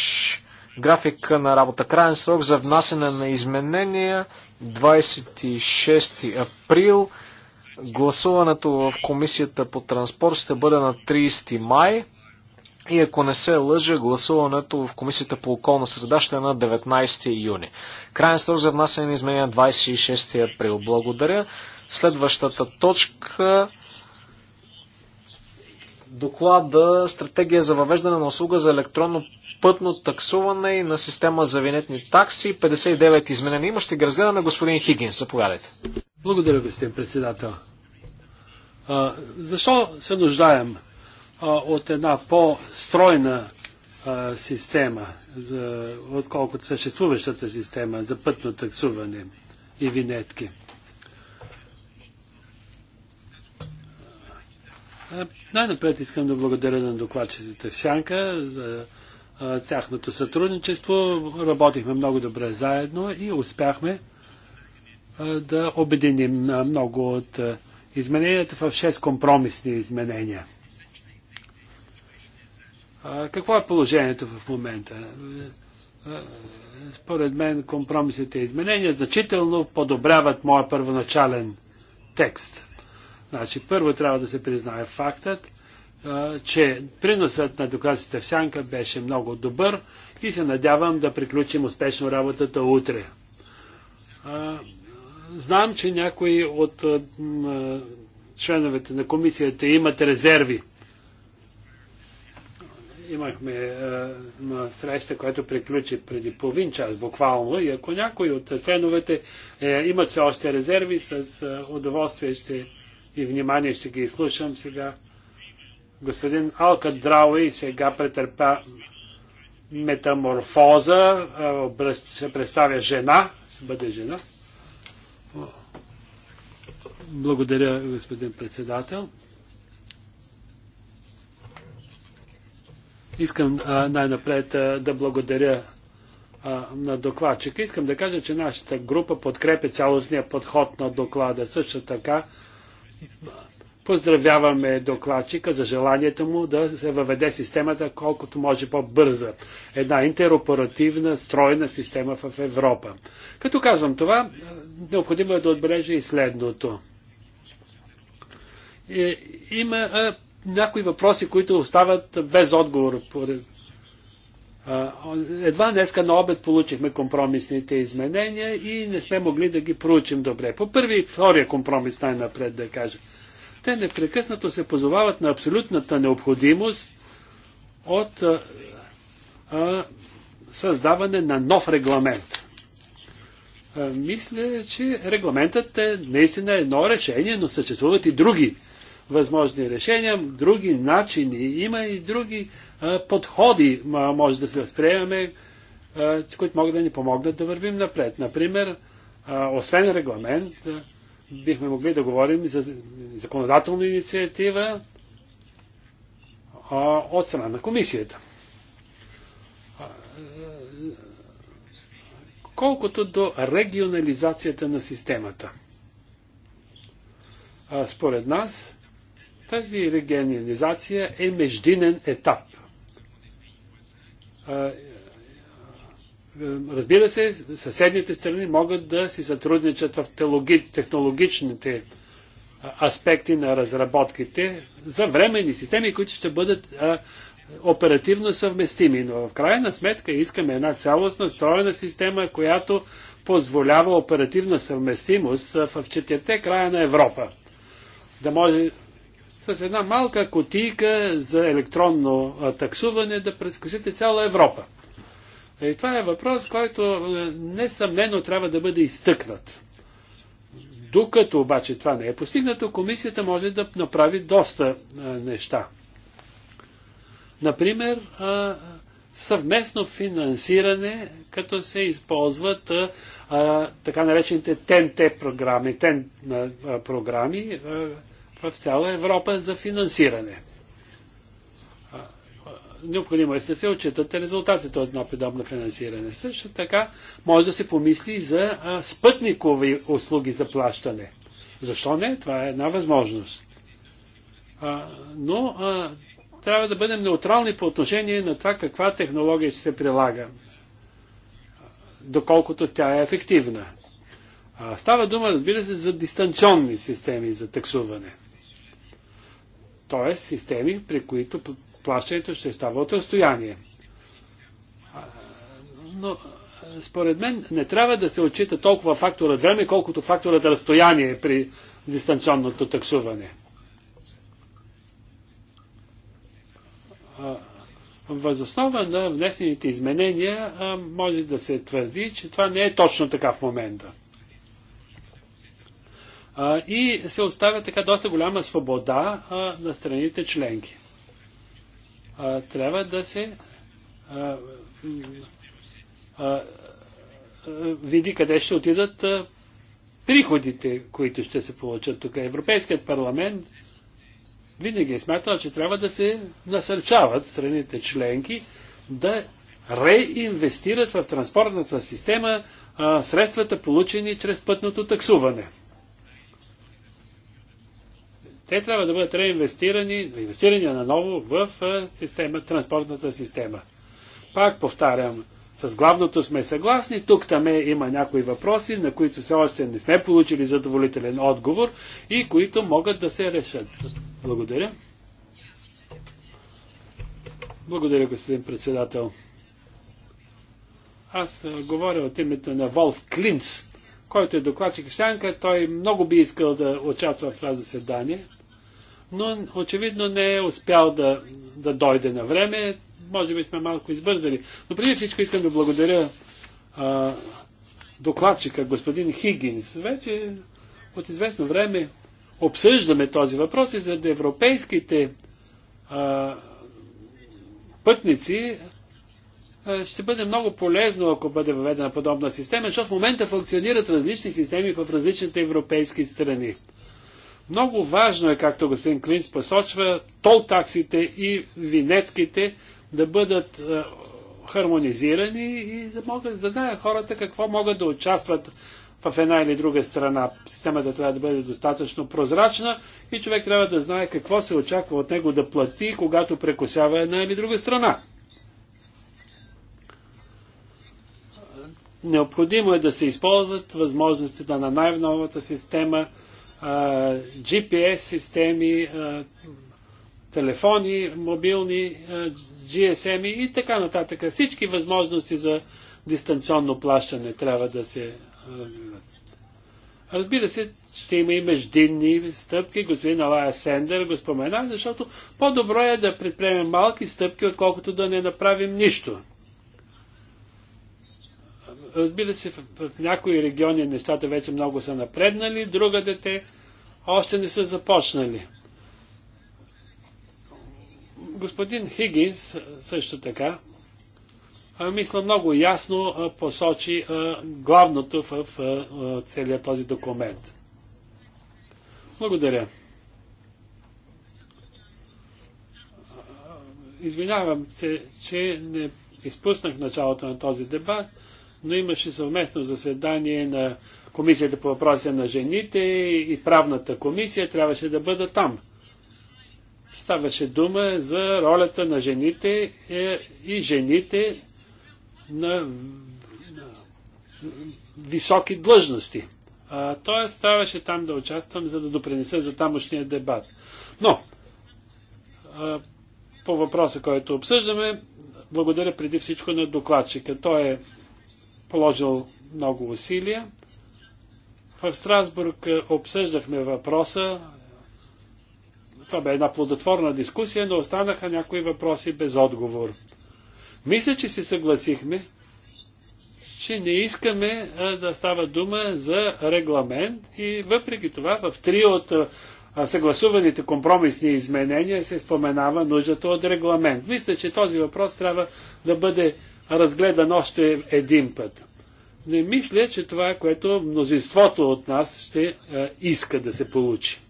S2: графика на работа. Крайен срок за внасяне на изменения 26 април Гласуването в комисията по транспорт ще бъде на 30 май. И ако не се лъжа, гласуването в Комисията по околна среда ще е на 19 юни. Крайен срок за внасяне на 26 е април. Благодаря. Следващата точка доклада Стратегия за въвеждане на услуга за електронно пътно таксуване и на система за винетни такси. 59 изменения има. Ще ги разгледаме господин Хигин, Заповядайте. Благодаря, господин председател. защо
S1: се нуждаем от една по-стройна система, отколкото съществуващата система за пътно таксуване и винетки? Най-напред искам да благодаря на докладчиците в Сянка за тяхното сътрудничество. Работихме много добре заедно и успяхме да обединим много от измененията в 6 компромисни изменения. Какво е положението в момента? Според мен компромисните изменения значително подобряват моя първоначален текст. Значи, първо трябва да се признае фактът, че приносът на доказите в Сянка беше много добър и се надявам да приключим успешно работата утре знам, че някои от членовете на комисията имат резерви. Имахме на среща, която приключи преди половин час буквално и ако някои от членовете е, имат все още резерви, с удоволствие ще и внимание ще ги изслушам сега. Господин Алка Драуи сега претърпя метаморфоза, се представя жена, ще бъде жена. Благодаря, господин председател. Искам най-напред да благодаря на докладчика. Искам да кажа, че нашата група подкрепя цялостния подход на доклада. Също така поздравяваме докладчика за желанието му да се въведе системата колкото може по-бърза. Една интероперативна, стройна система в Европа. Като казвам това, необходимо е да отбележа и следното – и е, има а, някои въпроси, които остават без отговор. Едва днеска на обед получихме компромисните изменения и не сме могли да ги проучим добре. По първи и втория компромис най-напред да кажа. Те непрекъснато се позовават на абсолютната необходимост от а, а, създаване на нов регламент. А, мисля, че регламентът е наистина едно решение, но съществуват и други възможни решения, други начини, има и други а, подходи, а, може да се възприемаме, а, които могат да ни помогнат да вървим напред. Например, а, освен регламент, а, бихме могли да говорим и за законодателна инициатива а, от страна на комисията. Колкото до регионализацията на системата. А, според нас, тази регионализация е междинен етап. Е, разбира се, съседните страни могат да си сътрудничат в технологичните аспекти на разработките за временни системи, които ще бъдат оперативно съвместими. Но в крайна сметка искаме една цялостна строена система, която позволява оперативна съвместимост в четирите края на Европа. Да може с една малка котийка за електронно таксуване да прескочите цяла Европа. И това е въпрос, който е, несъмнено трябва да бъде изтъкнат. Докато обаче това не е постигнато, комисията може да направи доста е, неща. Например, е, съвместно финансиране, като се използват така наречените ТНТ програми, ТЕН програми, в цяла Европа за финансиране. Необходимо е да се отчитат резултатите от едно подобно финансиране. Също така може да се помисли за спътникови услуги за плащане. Защо не? Това е една възможност. А, но а, трябва да бъдем неутрални по отношение на това каква технология ще се прилага, доколкото тя е ефективна. А, става дума, разбира се, за дистанционни системи за таксуване т.е. системи, при които плащането ще става от разстояние. Но според мен не трябва да се отчита толкова факторът време, колкото факторът разстояние при дистанционното таксуване. Възоснова на внесените изменения може да се твърди, че това не е точно така в момента и се оставя така доста голяма свобода на страните членки. трябва да се види къде ще отидат приходите, които ще се получат тук. Европейският парламент винаги е смятал, че трябва да се насърчават страните членки да реинвестират в транспортната система средствата, получени чрез пътното таксуване. Те трябва да бъдат реинвестирани, инвестирани наново в система, транспортната система. Пак повтарям, с главното сме съгласни. Тук там е, има някои въпроси, на които все още не сме получили задоволителен отговор и които могат да се решат. Благодаря. Благодаря, господин председател. Аз говоря от името на Волф Клинц, който е докладчик в Сянка. Той много би искал да участва в това заседание но очевидно не е успял да, да дойде на време. Може би сме малко избързали. Но преди всичко искам да благодаря а, докладчика, господин Хигинс. Вече от известно време обсъждаме този въпрос и за да европейските а, пътници ще бъде много полезно, ако бъде въведена подобна система, защото в момента функционират различни системи в различните европейски страни. Много важно е, както господин Клинц посочва, тол таксите и винетките да бъдат е, хармонизирани и да могат да знаят хората какво могат да участват в една или друга страна. Системата трябва да бъде достатъчно прозрачна и човек трябва да знае какво се очаква от него да плати, когато прекусява една или друга страна. Необходимо е да се използват възможностите на най-новата система – GPS системи, телефони, мобилни, GSM и така нататък. Всички възможности за дистанционно плащане трябва да се. Разбира се, ще има и междинни стъпки. Господин Алая Сендер го спомена, защото по-добро е да предприемем малки стъпки, отколкото да не направим нищо. Разбира се, в, в някои региони нещата вече много са напреднали, друга дете още не са започнали. Господин Хигинс също така, мисля много ясно посочи главното в целият този документ. Благодаря. Извинявам се, че не изпуснах началото на този дебат, но имаше съвместно заседание на Комисията по въпроса на жените и правната комисия трябваше да бъда там. Ставаше дума за ролята на жените е, и жените на високи длъжности. Тоест, ставаше там да участвам, за да допринеса за тамошния дебат. Но, а, по въпроса, който обсъждаме, благодаря преди всичко на докладчика. Той е положил много усилия. В Страсбург е, обсъждахме въпроса. Това бе една плодотворна дискусия, но останаха някои въпроси без отговор. Мисля, че се съгласихме, че не искаме е, да става дума за регламент и въпреки това в три от е, съгласуваните компромисни изменения се споменава нуждата от регламент. Мисля, че този въпрос трябва да бъде разгледан още един път. Не мисля, че това е което мнозинството от нас ще а, е, иска да се получи.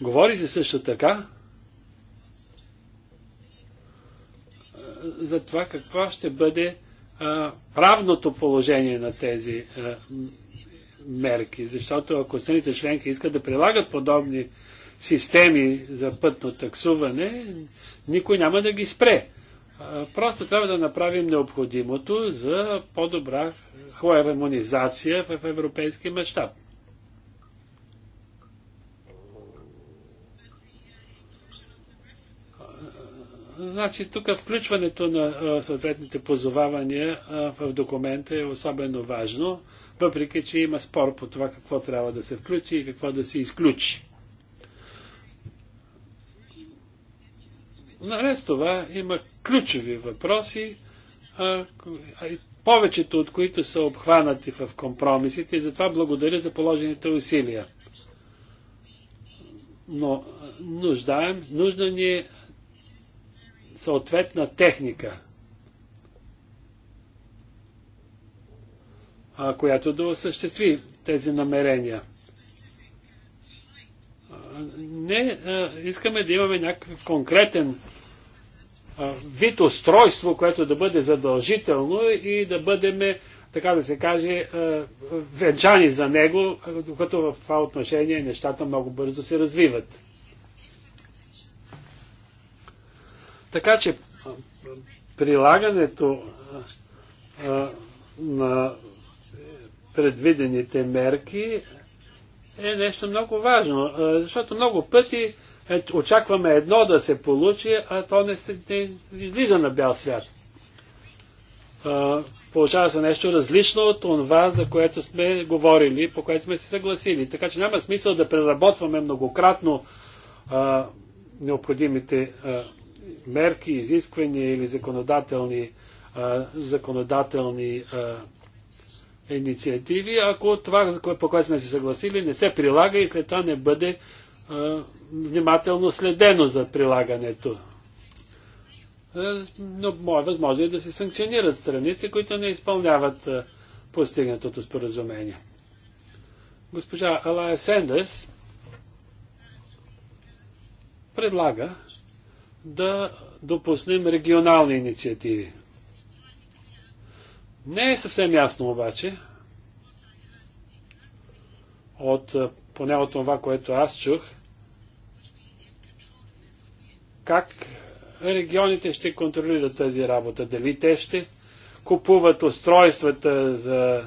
S1: Говори се също така е, за това какво ще бъде а, е, правното положение на тези а, мерки, защото ако страните членки искат да прилагат подобни системи за пътно таксуване, никой няма да ги спре. Просто трябва да направим необходимото за по-добра хармонизация в европейски мащаб. Значи тук включването на съответните позовавания в документа е особено важно, въпреки че има спор по това какво трябва да се включи и какво да се изключи. Наред с това има ключови въпроси, а, повечето от които са обхванати в компромисите и затова благодаря за положените усилия. Но нуждаем, нужна ни е съответна техника, а, която да осъществи тези намерения. Не, а, искаме да имаме някакъв конкретен вид устройство, което да бъде задължително и да бъдем, така да се каже, венчани за него, докато в това отношение нещата много бързо се развиват. Така че
S2: прилагането
S1: на предвидените мерки е нещо много важно, защото много пъти е, очакваме едно да се получи, а то не, се, не излиза на бял свят. А, получава се нещо различно от това, за което сме говорили, по което сме се съгласили. Така че няма смисъл да преработваме многократно а, необходимите а, мерки, изисквания или законодателни, а, законодателни а, инициативи, ако това, по което сме се съгласили, не се прилага и след това не бъде внимателно следено за прилагането. Но мое възможно е да се санкционират страните, които не изпълняват постигнатото споразумение. Госпожа Алая Сендес предлага да допуснем регионални инициативи. Не е съвсем ясно обаче, от поне от това, което аз чух, как регионите ще контролират тази работа. Дали те ще купуват устройствата за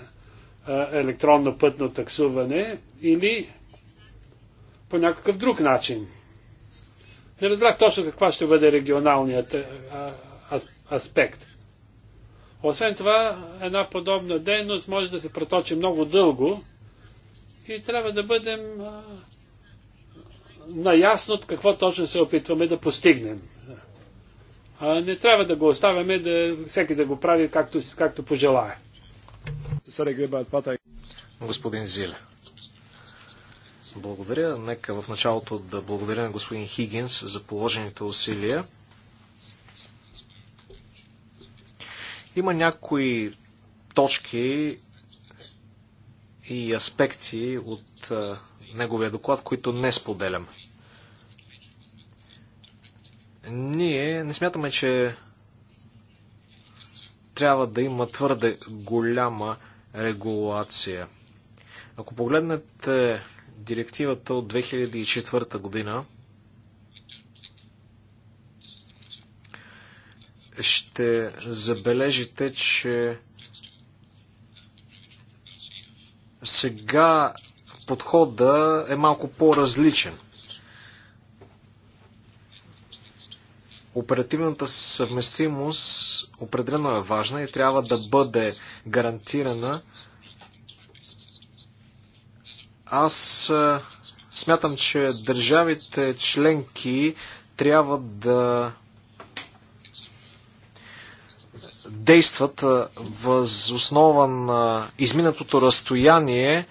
S1: електронно пътно таксуване или по някакъв друг начин. Не разбрах точно каква ще бъде регионалният аспект. Освен това, една подобна дейност може да се проточи много дълго, и трябва да бъдем а, наясно какво точно се опитваме да постигнем. А не трябва да го оставяме да, всеки да го прави както, както пожелае.
S2: Господин Зиле. Благодаря. Нека в началото да благодаря на господин Хигинс за положените усилия. Има някои точки, и аспекти от неговия доклад, които не споделям. Ние не смятаме, че трябва да има твърде голяма регулация. Ако погледнете директивата от 2004 година, ще забележите, че Сега подхода е малко по-различен. Оперативната съвместимост определено е важна и трябва да бъде гарантирана. Аз смятам, че държавите членки трябва да действат въз основа на изминатото разстояние,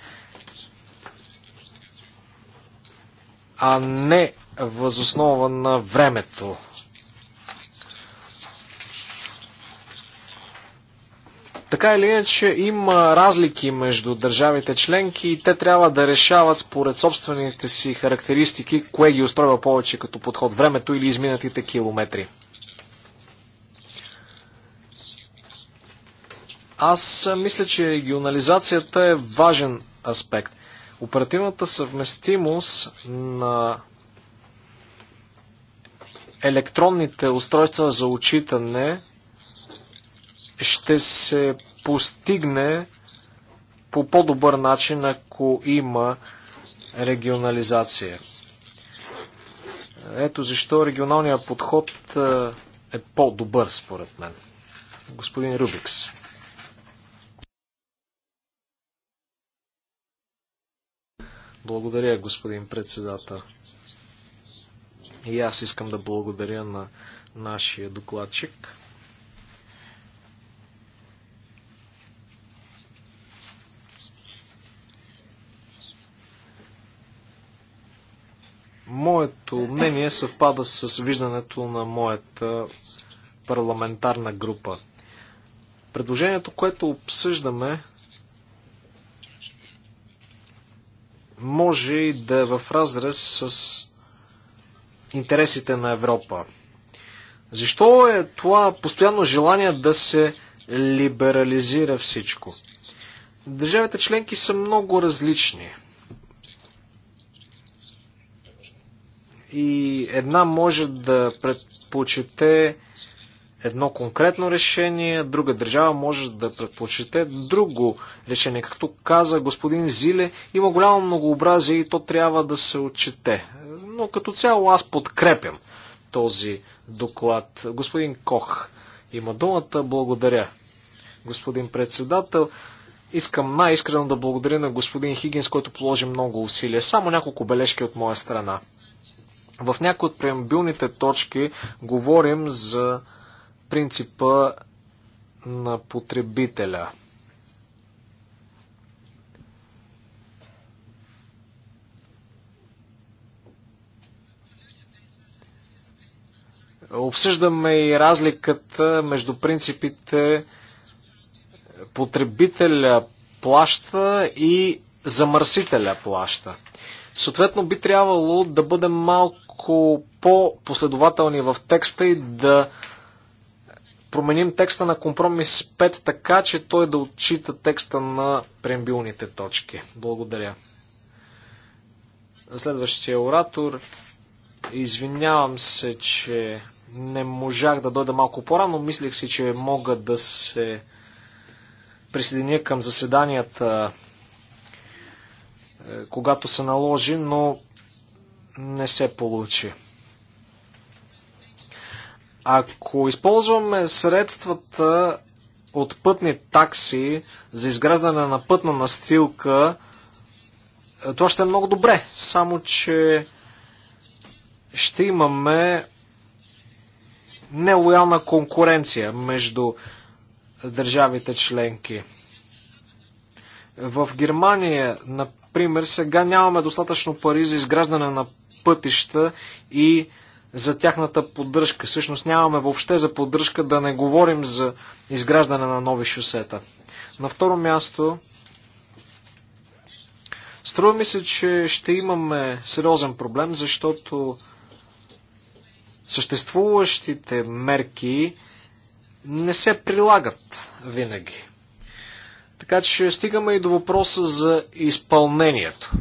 S2: а не въз основа на времето. Така или иначе има разлики между държавите членки и те трябва да решават според собствените си характеристики, кое ги устройва повече като подход времето или изминатите километри. Аз мисля, че регионализацията е важен аспект. Оперативната съвместимост на електронните устройства за учитане ще се постигне по по-добър начин, ако има регионализация. Ето защо регионалният подход е по-добър, според мен. Господин Рубикс. Благодаря, господин председател. И аз искам да благодаря на нашия докладчик. Моето мнение съвпада с виждането на моята парламентарна група. Предложението, което обсъждаме, може и да е в разрез с интересите на Европа. Защо е това постоянно желание да се либерализира всичко? Държавите членки са много различни. И една може да предпочете едно конкретно решение, друга държава може да предпочете друго решение. Както каза господин Зиле, има голямо многообразие и то трябва да се отчете. Но като цяло аз подкрепям този доклад. Господин Кох има думата. Благодаря, господин председател. Искам най-искрено да благодаря на господин Хигинс, който положи много усилия. Само няколко бележки от моя страна. В някои от преамбилните точки говорим за принципа на потребителя. Обсъждаме и разликата между принципите потребителя плаща и замърсителя плаща. Съответно би трябвало да бъдем малко по-последователни в текста и да променим текста на компромис 5 така, че той да отчита текста на прембилните точки. Благодаря. Следващия оратор. Извинявам се, че не можах да дойда малко по-рано. Мислех си, че мога да се присъединя към заседанията, е, когато се наложи, но не се получи. Ако използваме средствата от пътни такси за изграждане на пътна настилка, е, това ще е много добре, само че ще имаме нелоялна конкуренция между държавите членки. В Германия, например, сега нямаме достатъчно пари за изграждане на пътища и за тяхната поддръжка. Всъщност нямаме въобще за поддръжка да не говорим за изграждане на нови шосета. На второ място, струва ми се, че ще имаме сериозен проблем, защото съществуващите мерки не се прилагат винаги. Така че стигаме и до въпроса за изпълнението.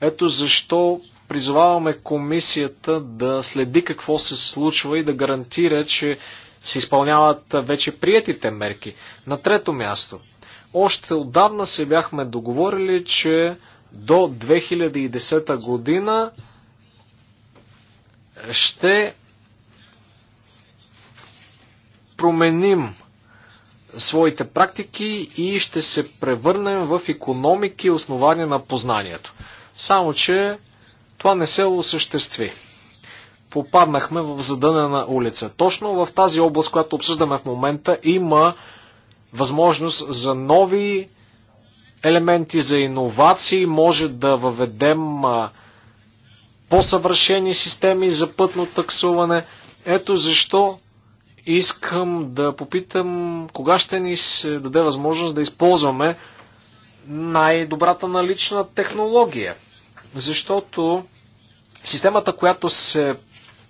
S2: Ето защо Призоваваме комисията да следи какво се случва и да гарантира, че се изпълняват вече приетите мерки. На трето място. Още отдавна се бяхме договорили, че до 2010 година ще променим своите практики и ще се превърнем в економики основания на познанието. Само, че това не се осъществи. Попаднахме в задънена улица. Точно в тази област, която обсъждаме в момента, има възможност за нови елементи за иновации, може да въведем по-съвършени системи за пътно таксуване. Ето защо искам да попитам кога ще ни се даде възможност да използваме най-добрата налична технология – защото системата, която се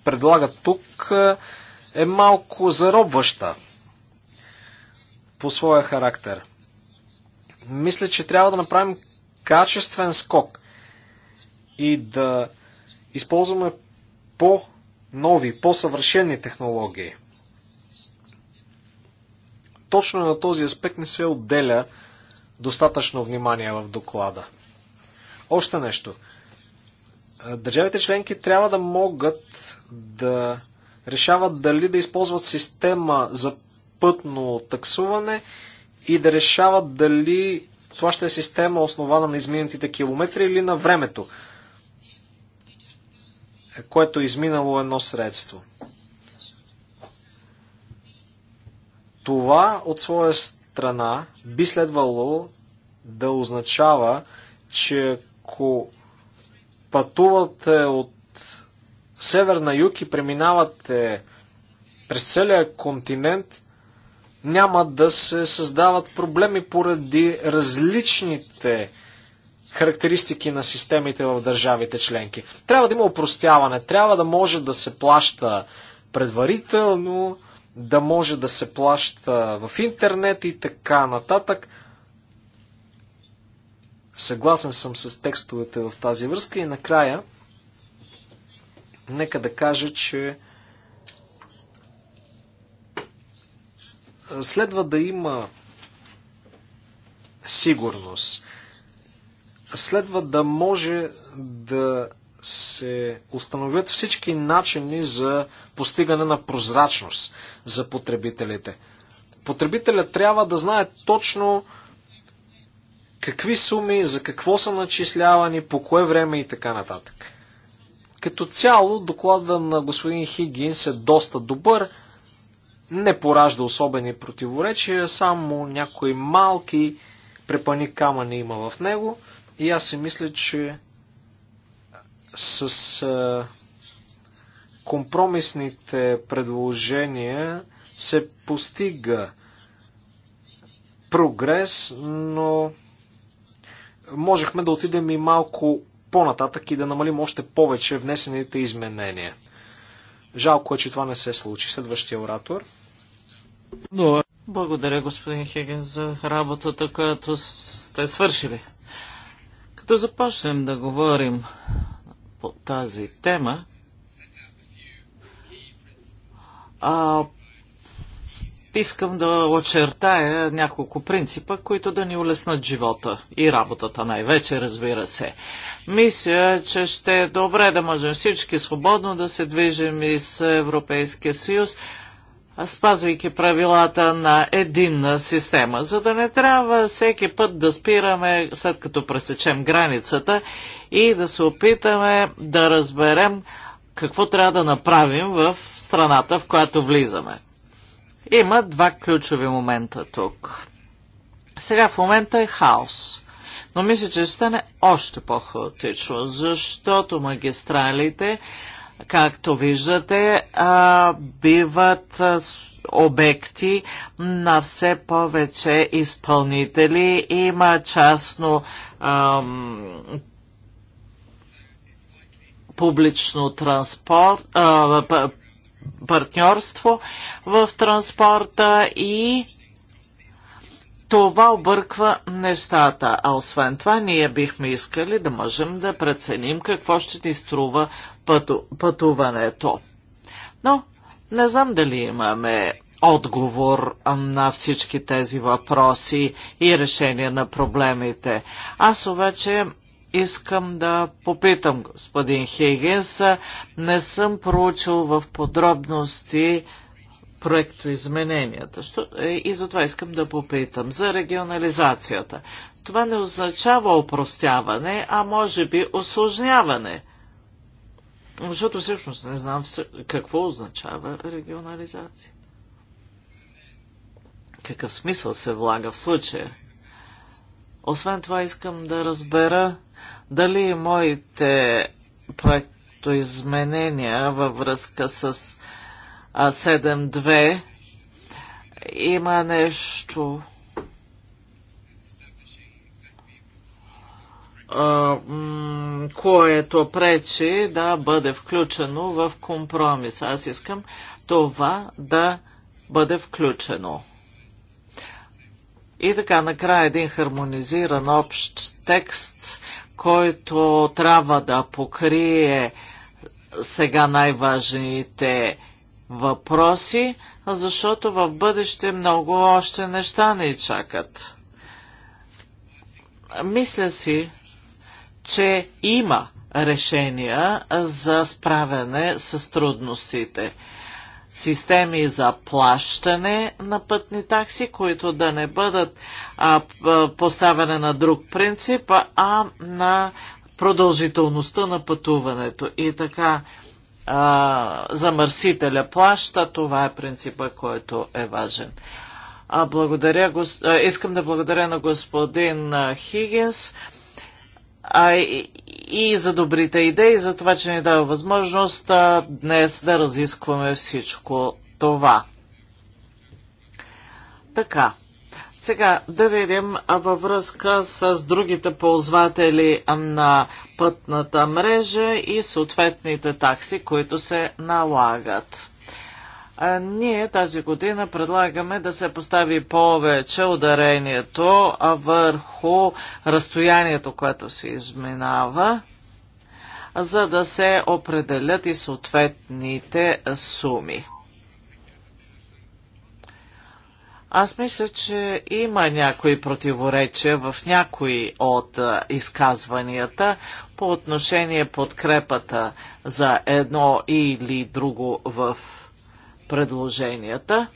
S2: предлага тук, е малко заробваща по своя характер. Мисля, че трябва да направим качествен скок и да използваме по-нови, по-съвършени технологии. Точно на този аспект не се отделя достатъчно внимание в доклада. Още нещо. Държавите членки трябва да могат да решават дали да използват система за пътно таксуване и да решават дали това ще е система основана на изминатите километри или на времето, е, което е изминало едно средство. Това от своя страна би следвало да означава, че ако пътувате от север на юг и преминавате през целия континент, няма да се създават проблеми поради различните характеристики на системите в държавите членки. Трябва да има упростяване, трябва да може да се плаща предварително, да може да се плаща в интернет и така нататък. Съгласен съм с текстовете в тази връзка и накрая нека да кажа, че следва да има сигурност. Следва да може да се установят всички начини за постигане на прозрачност за потребителите. Потребителят трябва да знае точно какви суми, за какво са начислявани, по кое време и така нататък. Като цяло, доклада на господин Хигинс е доста добър, не поражда особени противоречия, само някои малки препани камъни има в него и аз си мисля, че с компромисните предложения се постига прогрес, но можехме да отидем и малко по-нататък и да намалим още повече внесените изменения. Жалко е, че това не се случи. Следващия оратор.
S3: Благодаря, господин Хеген, за работата, която сте свършили. Като започнем да говорим по тази тема, а, искам да очертая няколко принципа, които да ни улеснат живота и работата най-вече, разбира се. Мисля, че ще е добре да можем всички свободно да се движим из Европейския съюз, спазвайки правилата на единна система, за да не трябва всеки път да спираме, след като пресечем границата и да се опитаме да разберем какво трябва да направим в страната, в която влизаме. Има два ключови момента тук. Сега в момента е хаос. Но мисля, че ще стане още по-хаотично, защото магистралите, както виждате, биват обекти на все повече изпълнители. Има частно ам, публично транспорт, а, партньорство в транспорта и това обърква нещата, а освен това ние бихме искали да можем да преценим какво ще ни струва пъту, пътуването. Но не знам дали имаме отговор на всички тези въпроси и решение на проблемите. Аз обаче искам да попитам господин Хейгенс, Не съм проучил в подробности проектоизмененията. Е, и затова искам да попитам за регионализацията. Това не означава опростяване, а може би осложняване. Защото всъщност не знам какво означава регионализация. Какъв смисъл се влага в случая? Освен това искам да разбера дали моите проектоизменения във връзка с 7.2 има нещо което пречи да бъде включено в компромис. Аз искам това да бъде включено. И така, накрая един хармонизиран общ текст, който трябва да покрие сега най-важните въпроси, защото в бъдеще много още неща ни чакат. Мисля си, че има решения за справяне с трудностите системи за плащане на пътни такси, които да не бъдат а, поставяне на друг принцип, а на продължителността на пътуването. И така а, замърсителя плаща, това е принципа, който е важен. А благодаря, гос... искам да благодаря на господин Хигинс. А, и, и за добрите идеи, за това, че ни дава възможност а, днес да разискваме всичко това. Така, сега да видим във връзка с другите ползватели на пътната мрежа и съответните такси, които се налагат. А, ние тази година предлагаме да се постави повече ударението върху разстоянието, което се изминава, за да се определят и съответните суми. Аз мисля, че има някои противоречия в някои от изказванията по отношение подкрепата за едно или друго в предложенията.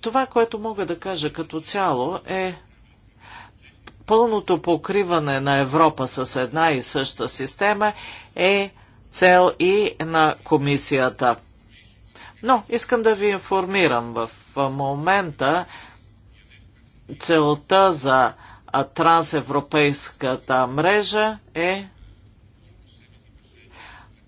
S3: Това, което мога да кажа като цяло е пълното покриване на Европа с една и съща система е цел и на комисията. Но искам да ви информирам в момента целта за трансевропейската мрежа е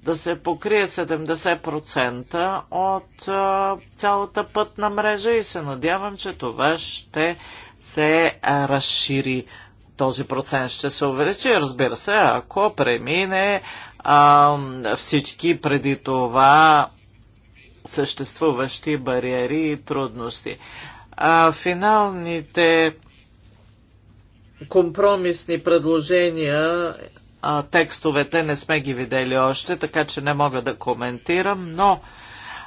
S3: да се покрие 70% от а, цялата пътна мрежа и се надявам, че това ще се разшири. Този процент ще се увеличи, разбира се, ако премине а, всички преди това съществуващи бариери и трудности. А, финалните компромисни предложения а, текстовете не сме ги видели още, така че не мога да коментирам, но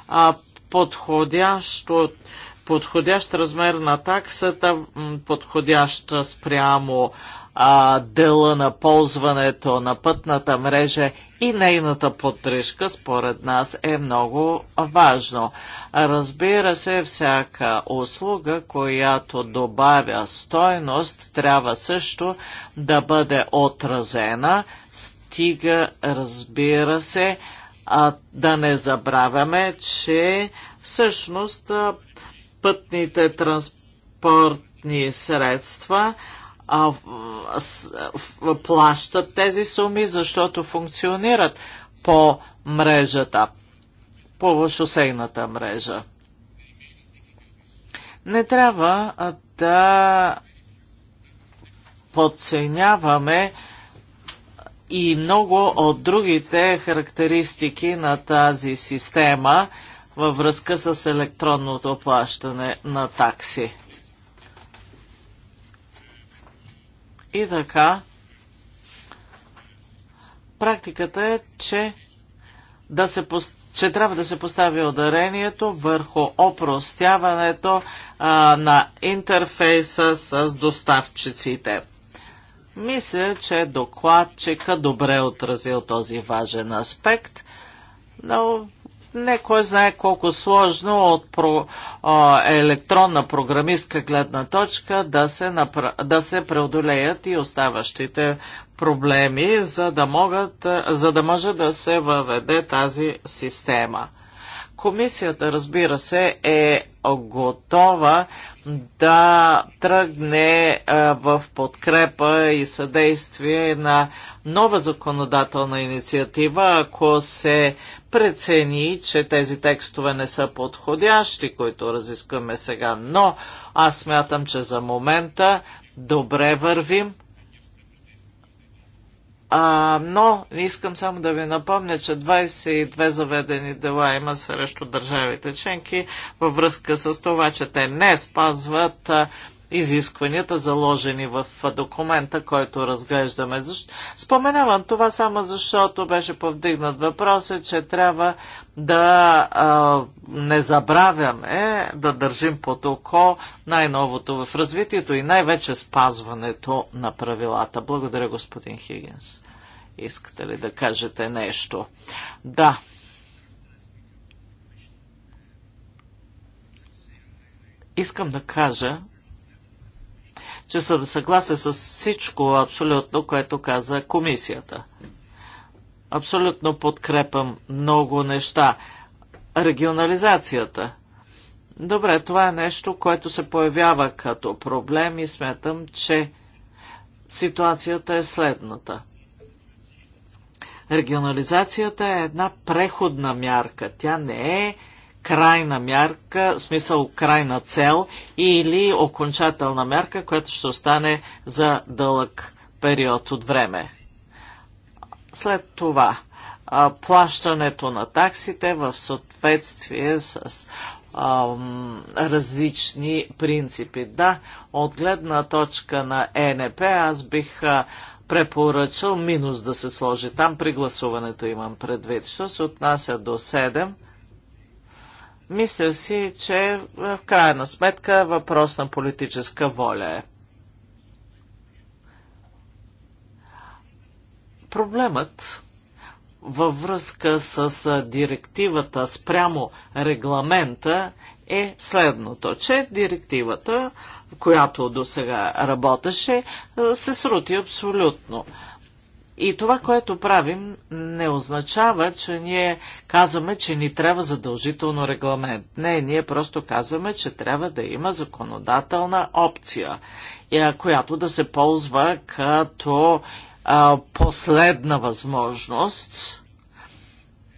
S3: а, подходящо, подходящ размер на таксата, подходящ спрямо а, дела на ползването на пътната мрежа и нейната поддръжка, според нас, е много важно. Разбира се, всяка услуга, която добавя стойност, трябва също да бъде отразена, стига, разбира се, а, да не забравяме, че всъщност пътните транспортни средства – а, с, в, плащат тези суми, защото функционират по мрежата, по шосейната мрежа. Не трябва да подценяваме и много от другите характеристики на тази система във връзка с електронното плащане на такси. И така, практиката е, че, да се, че трябва да се постави ударението върху опростяването а, на интерфейса с доставчиците. Мисля, че докладчика добре отразил този важен аспект, но не кой знае колко сложно от про, а, електронна програмистка гледна точка да се, напра... да се преодолеят и оставащите проблеми, за да, могат, за да може да се въведе тази система. Комисията, разбира се, е готова да тръгне е, в подкрепа и съдействие на нова законодателна инициатива, ако се прецени, че тези текстове не са подходящи, които разискваме сега. Но аз смятам, че за момента добре вървим а, но искам само да ви напомня, че 22 заведени дела има срещу държавите членки във връзка с това, че те не спазват а, изискванията, заложени в документа, който разглеждаме. Защо... Споменавам това само защото беше повдигнат въпросът, че трябва да а, не забравяме да държим под око най-новото в развитието и най-вече спазването на правилата. Благодаря, господин Хигинс. Искате ли да кажете нещо? Да. Искам да кажа, че съм съгласен с всичко абсолютно, което каза комисията. Абсолютно подкрепам много неща. Регионализацията. Добре, това е нещо, което се появява като проблем и сметам, че ситуацията е следната. Регионализацията е една преходна мярка. Тя не е крайна мярка, смисъл крайна цел или окончателна мярка, която ще остане за дълъг период от време. След това плащането на таксите в съответствие с различни принципи. Да, от гледна точка на ЕНП аз бих препоръчал минус да се сложи там при гласуването имам предвид. Що се отнася до 7, мисля си, че е, в крайна сметка въпрос на политическа воля е. Проблемът във връзка с директивата спрямо регламента е следното, че директивата, която до сега работеше, се срути абсолютно. И това, което правим, не означава, че ние казваме, че ни трябва задължително регламент. Не, ние просто казваме, че трябва да има законодателна опция, е, която да се ползва като а, последна възможност,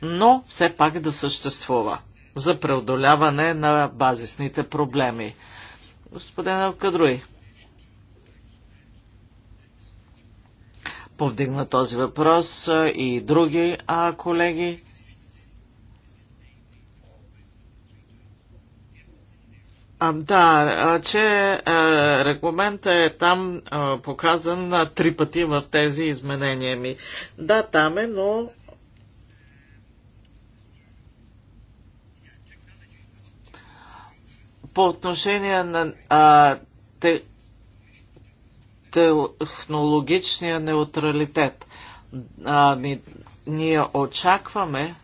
S3: но все пак да съществува за преодоляване на базисните проблеми. Господин Алкадруи. повдигна този въпрос и други а, колеги. А, да, че а, регламента е там а, показан на три пъти в тези изменения ми. Да, там е, но по отношение на а, те, технологичния неутралитет. А, ни, ние очакваме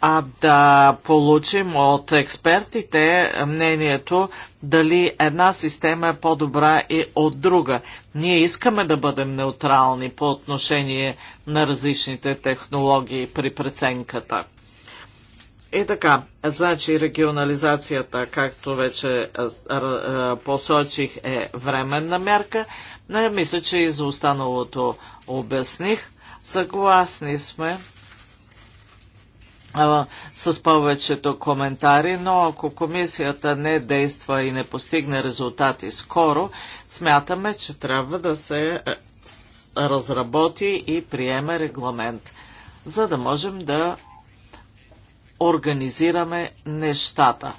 S3: а да получим от експертите мнението дали една система е по-добра и от друга. Ние искаме да бъдем неутрални по отношение на различните технологии при преценката. И така, значи регионализацията, както вече посочих, е временна мярка. Не, мисля, че и за останалото обясних. Съгласни сме а, с повечето коментари, но ако комисията не действа и не постигне резултати скоро, смятаме, че трябва да се разработи и приеме регламент, за да можем да организираме нещата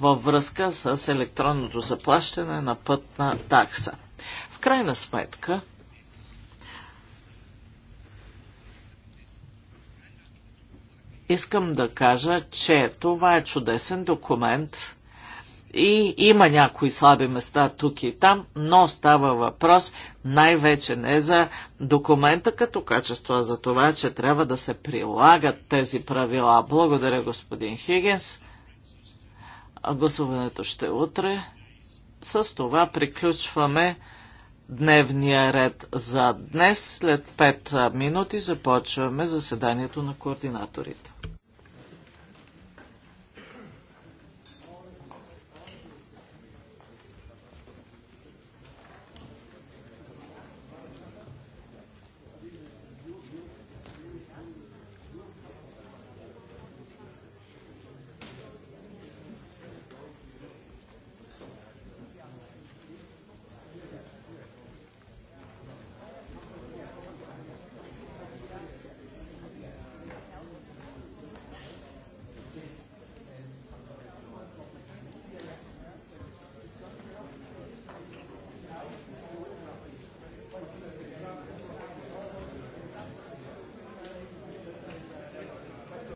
S3: във връзка с електронното заплащане на пътна такса. В крайна сметка, искам да кажа, че това е чудесен документ, и има някои слаби места тук и там, но става въпрос най-вече не за документа като качество, а за това, че трябва да се прилагат тези правила. Благодаря, господин Хигенс. Гласуването ще е утре. С това приключваме дневния ред за днес. След 5 минути започваме заседанието на координаторите.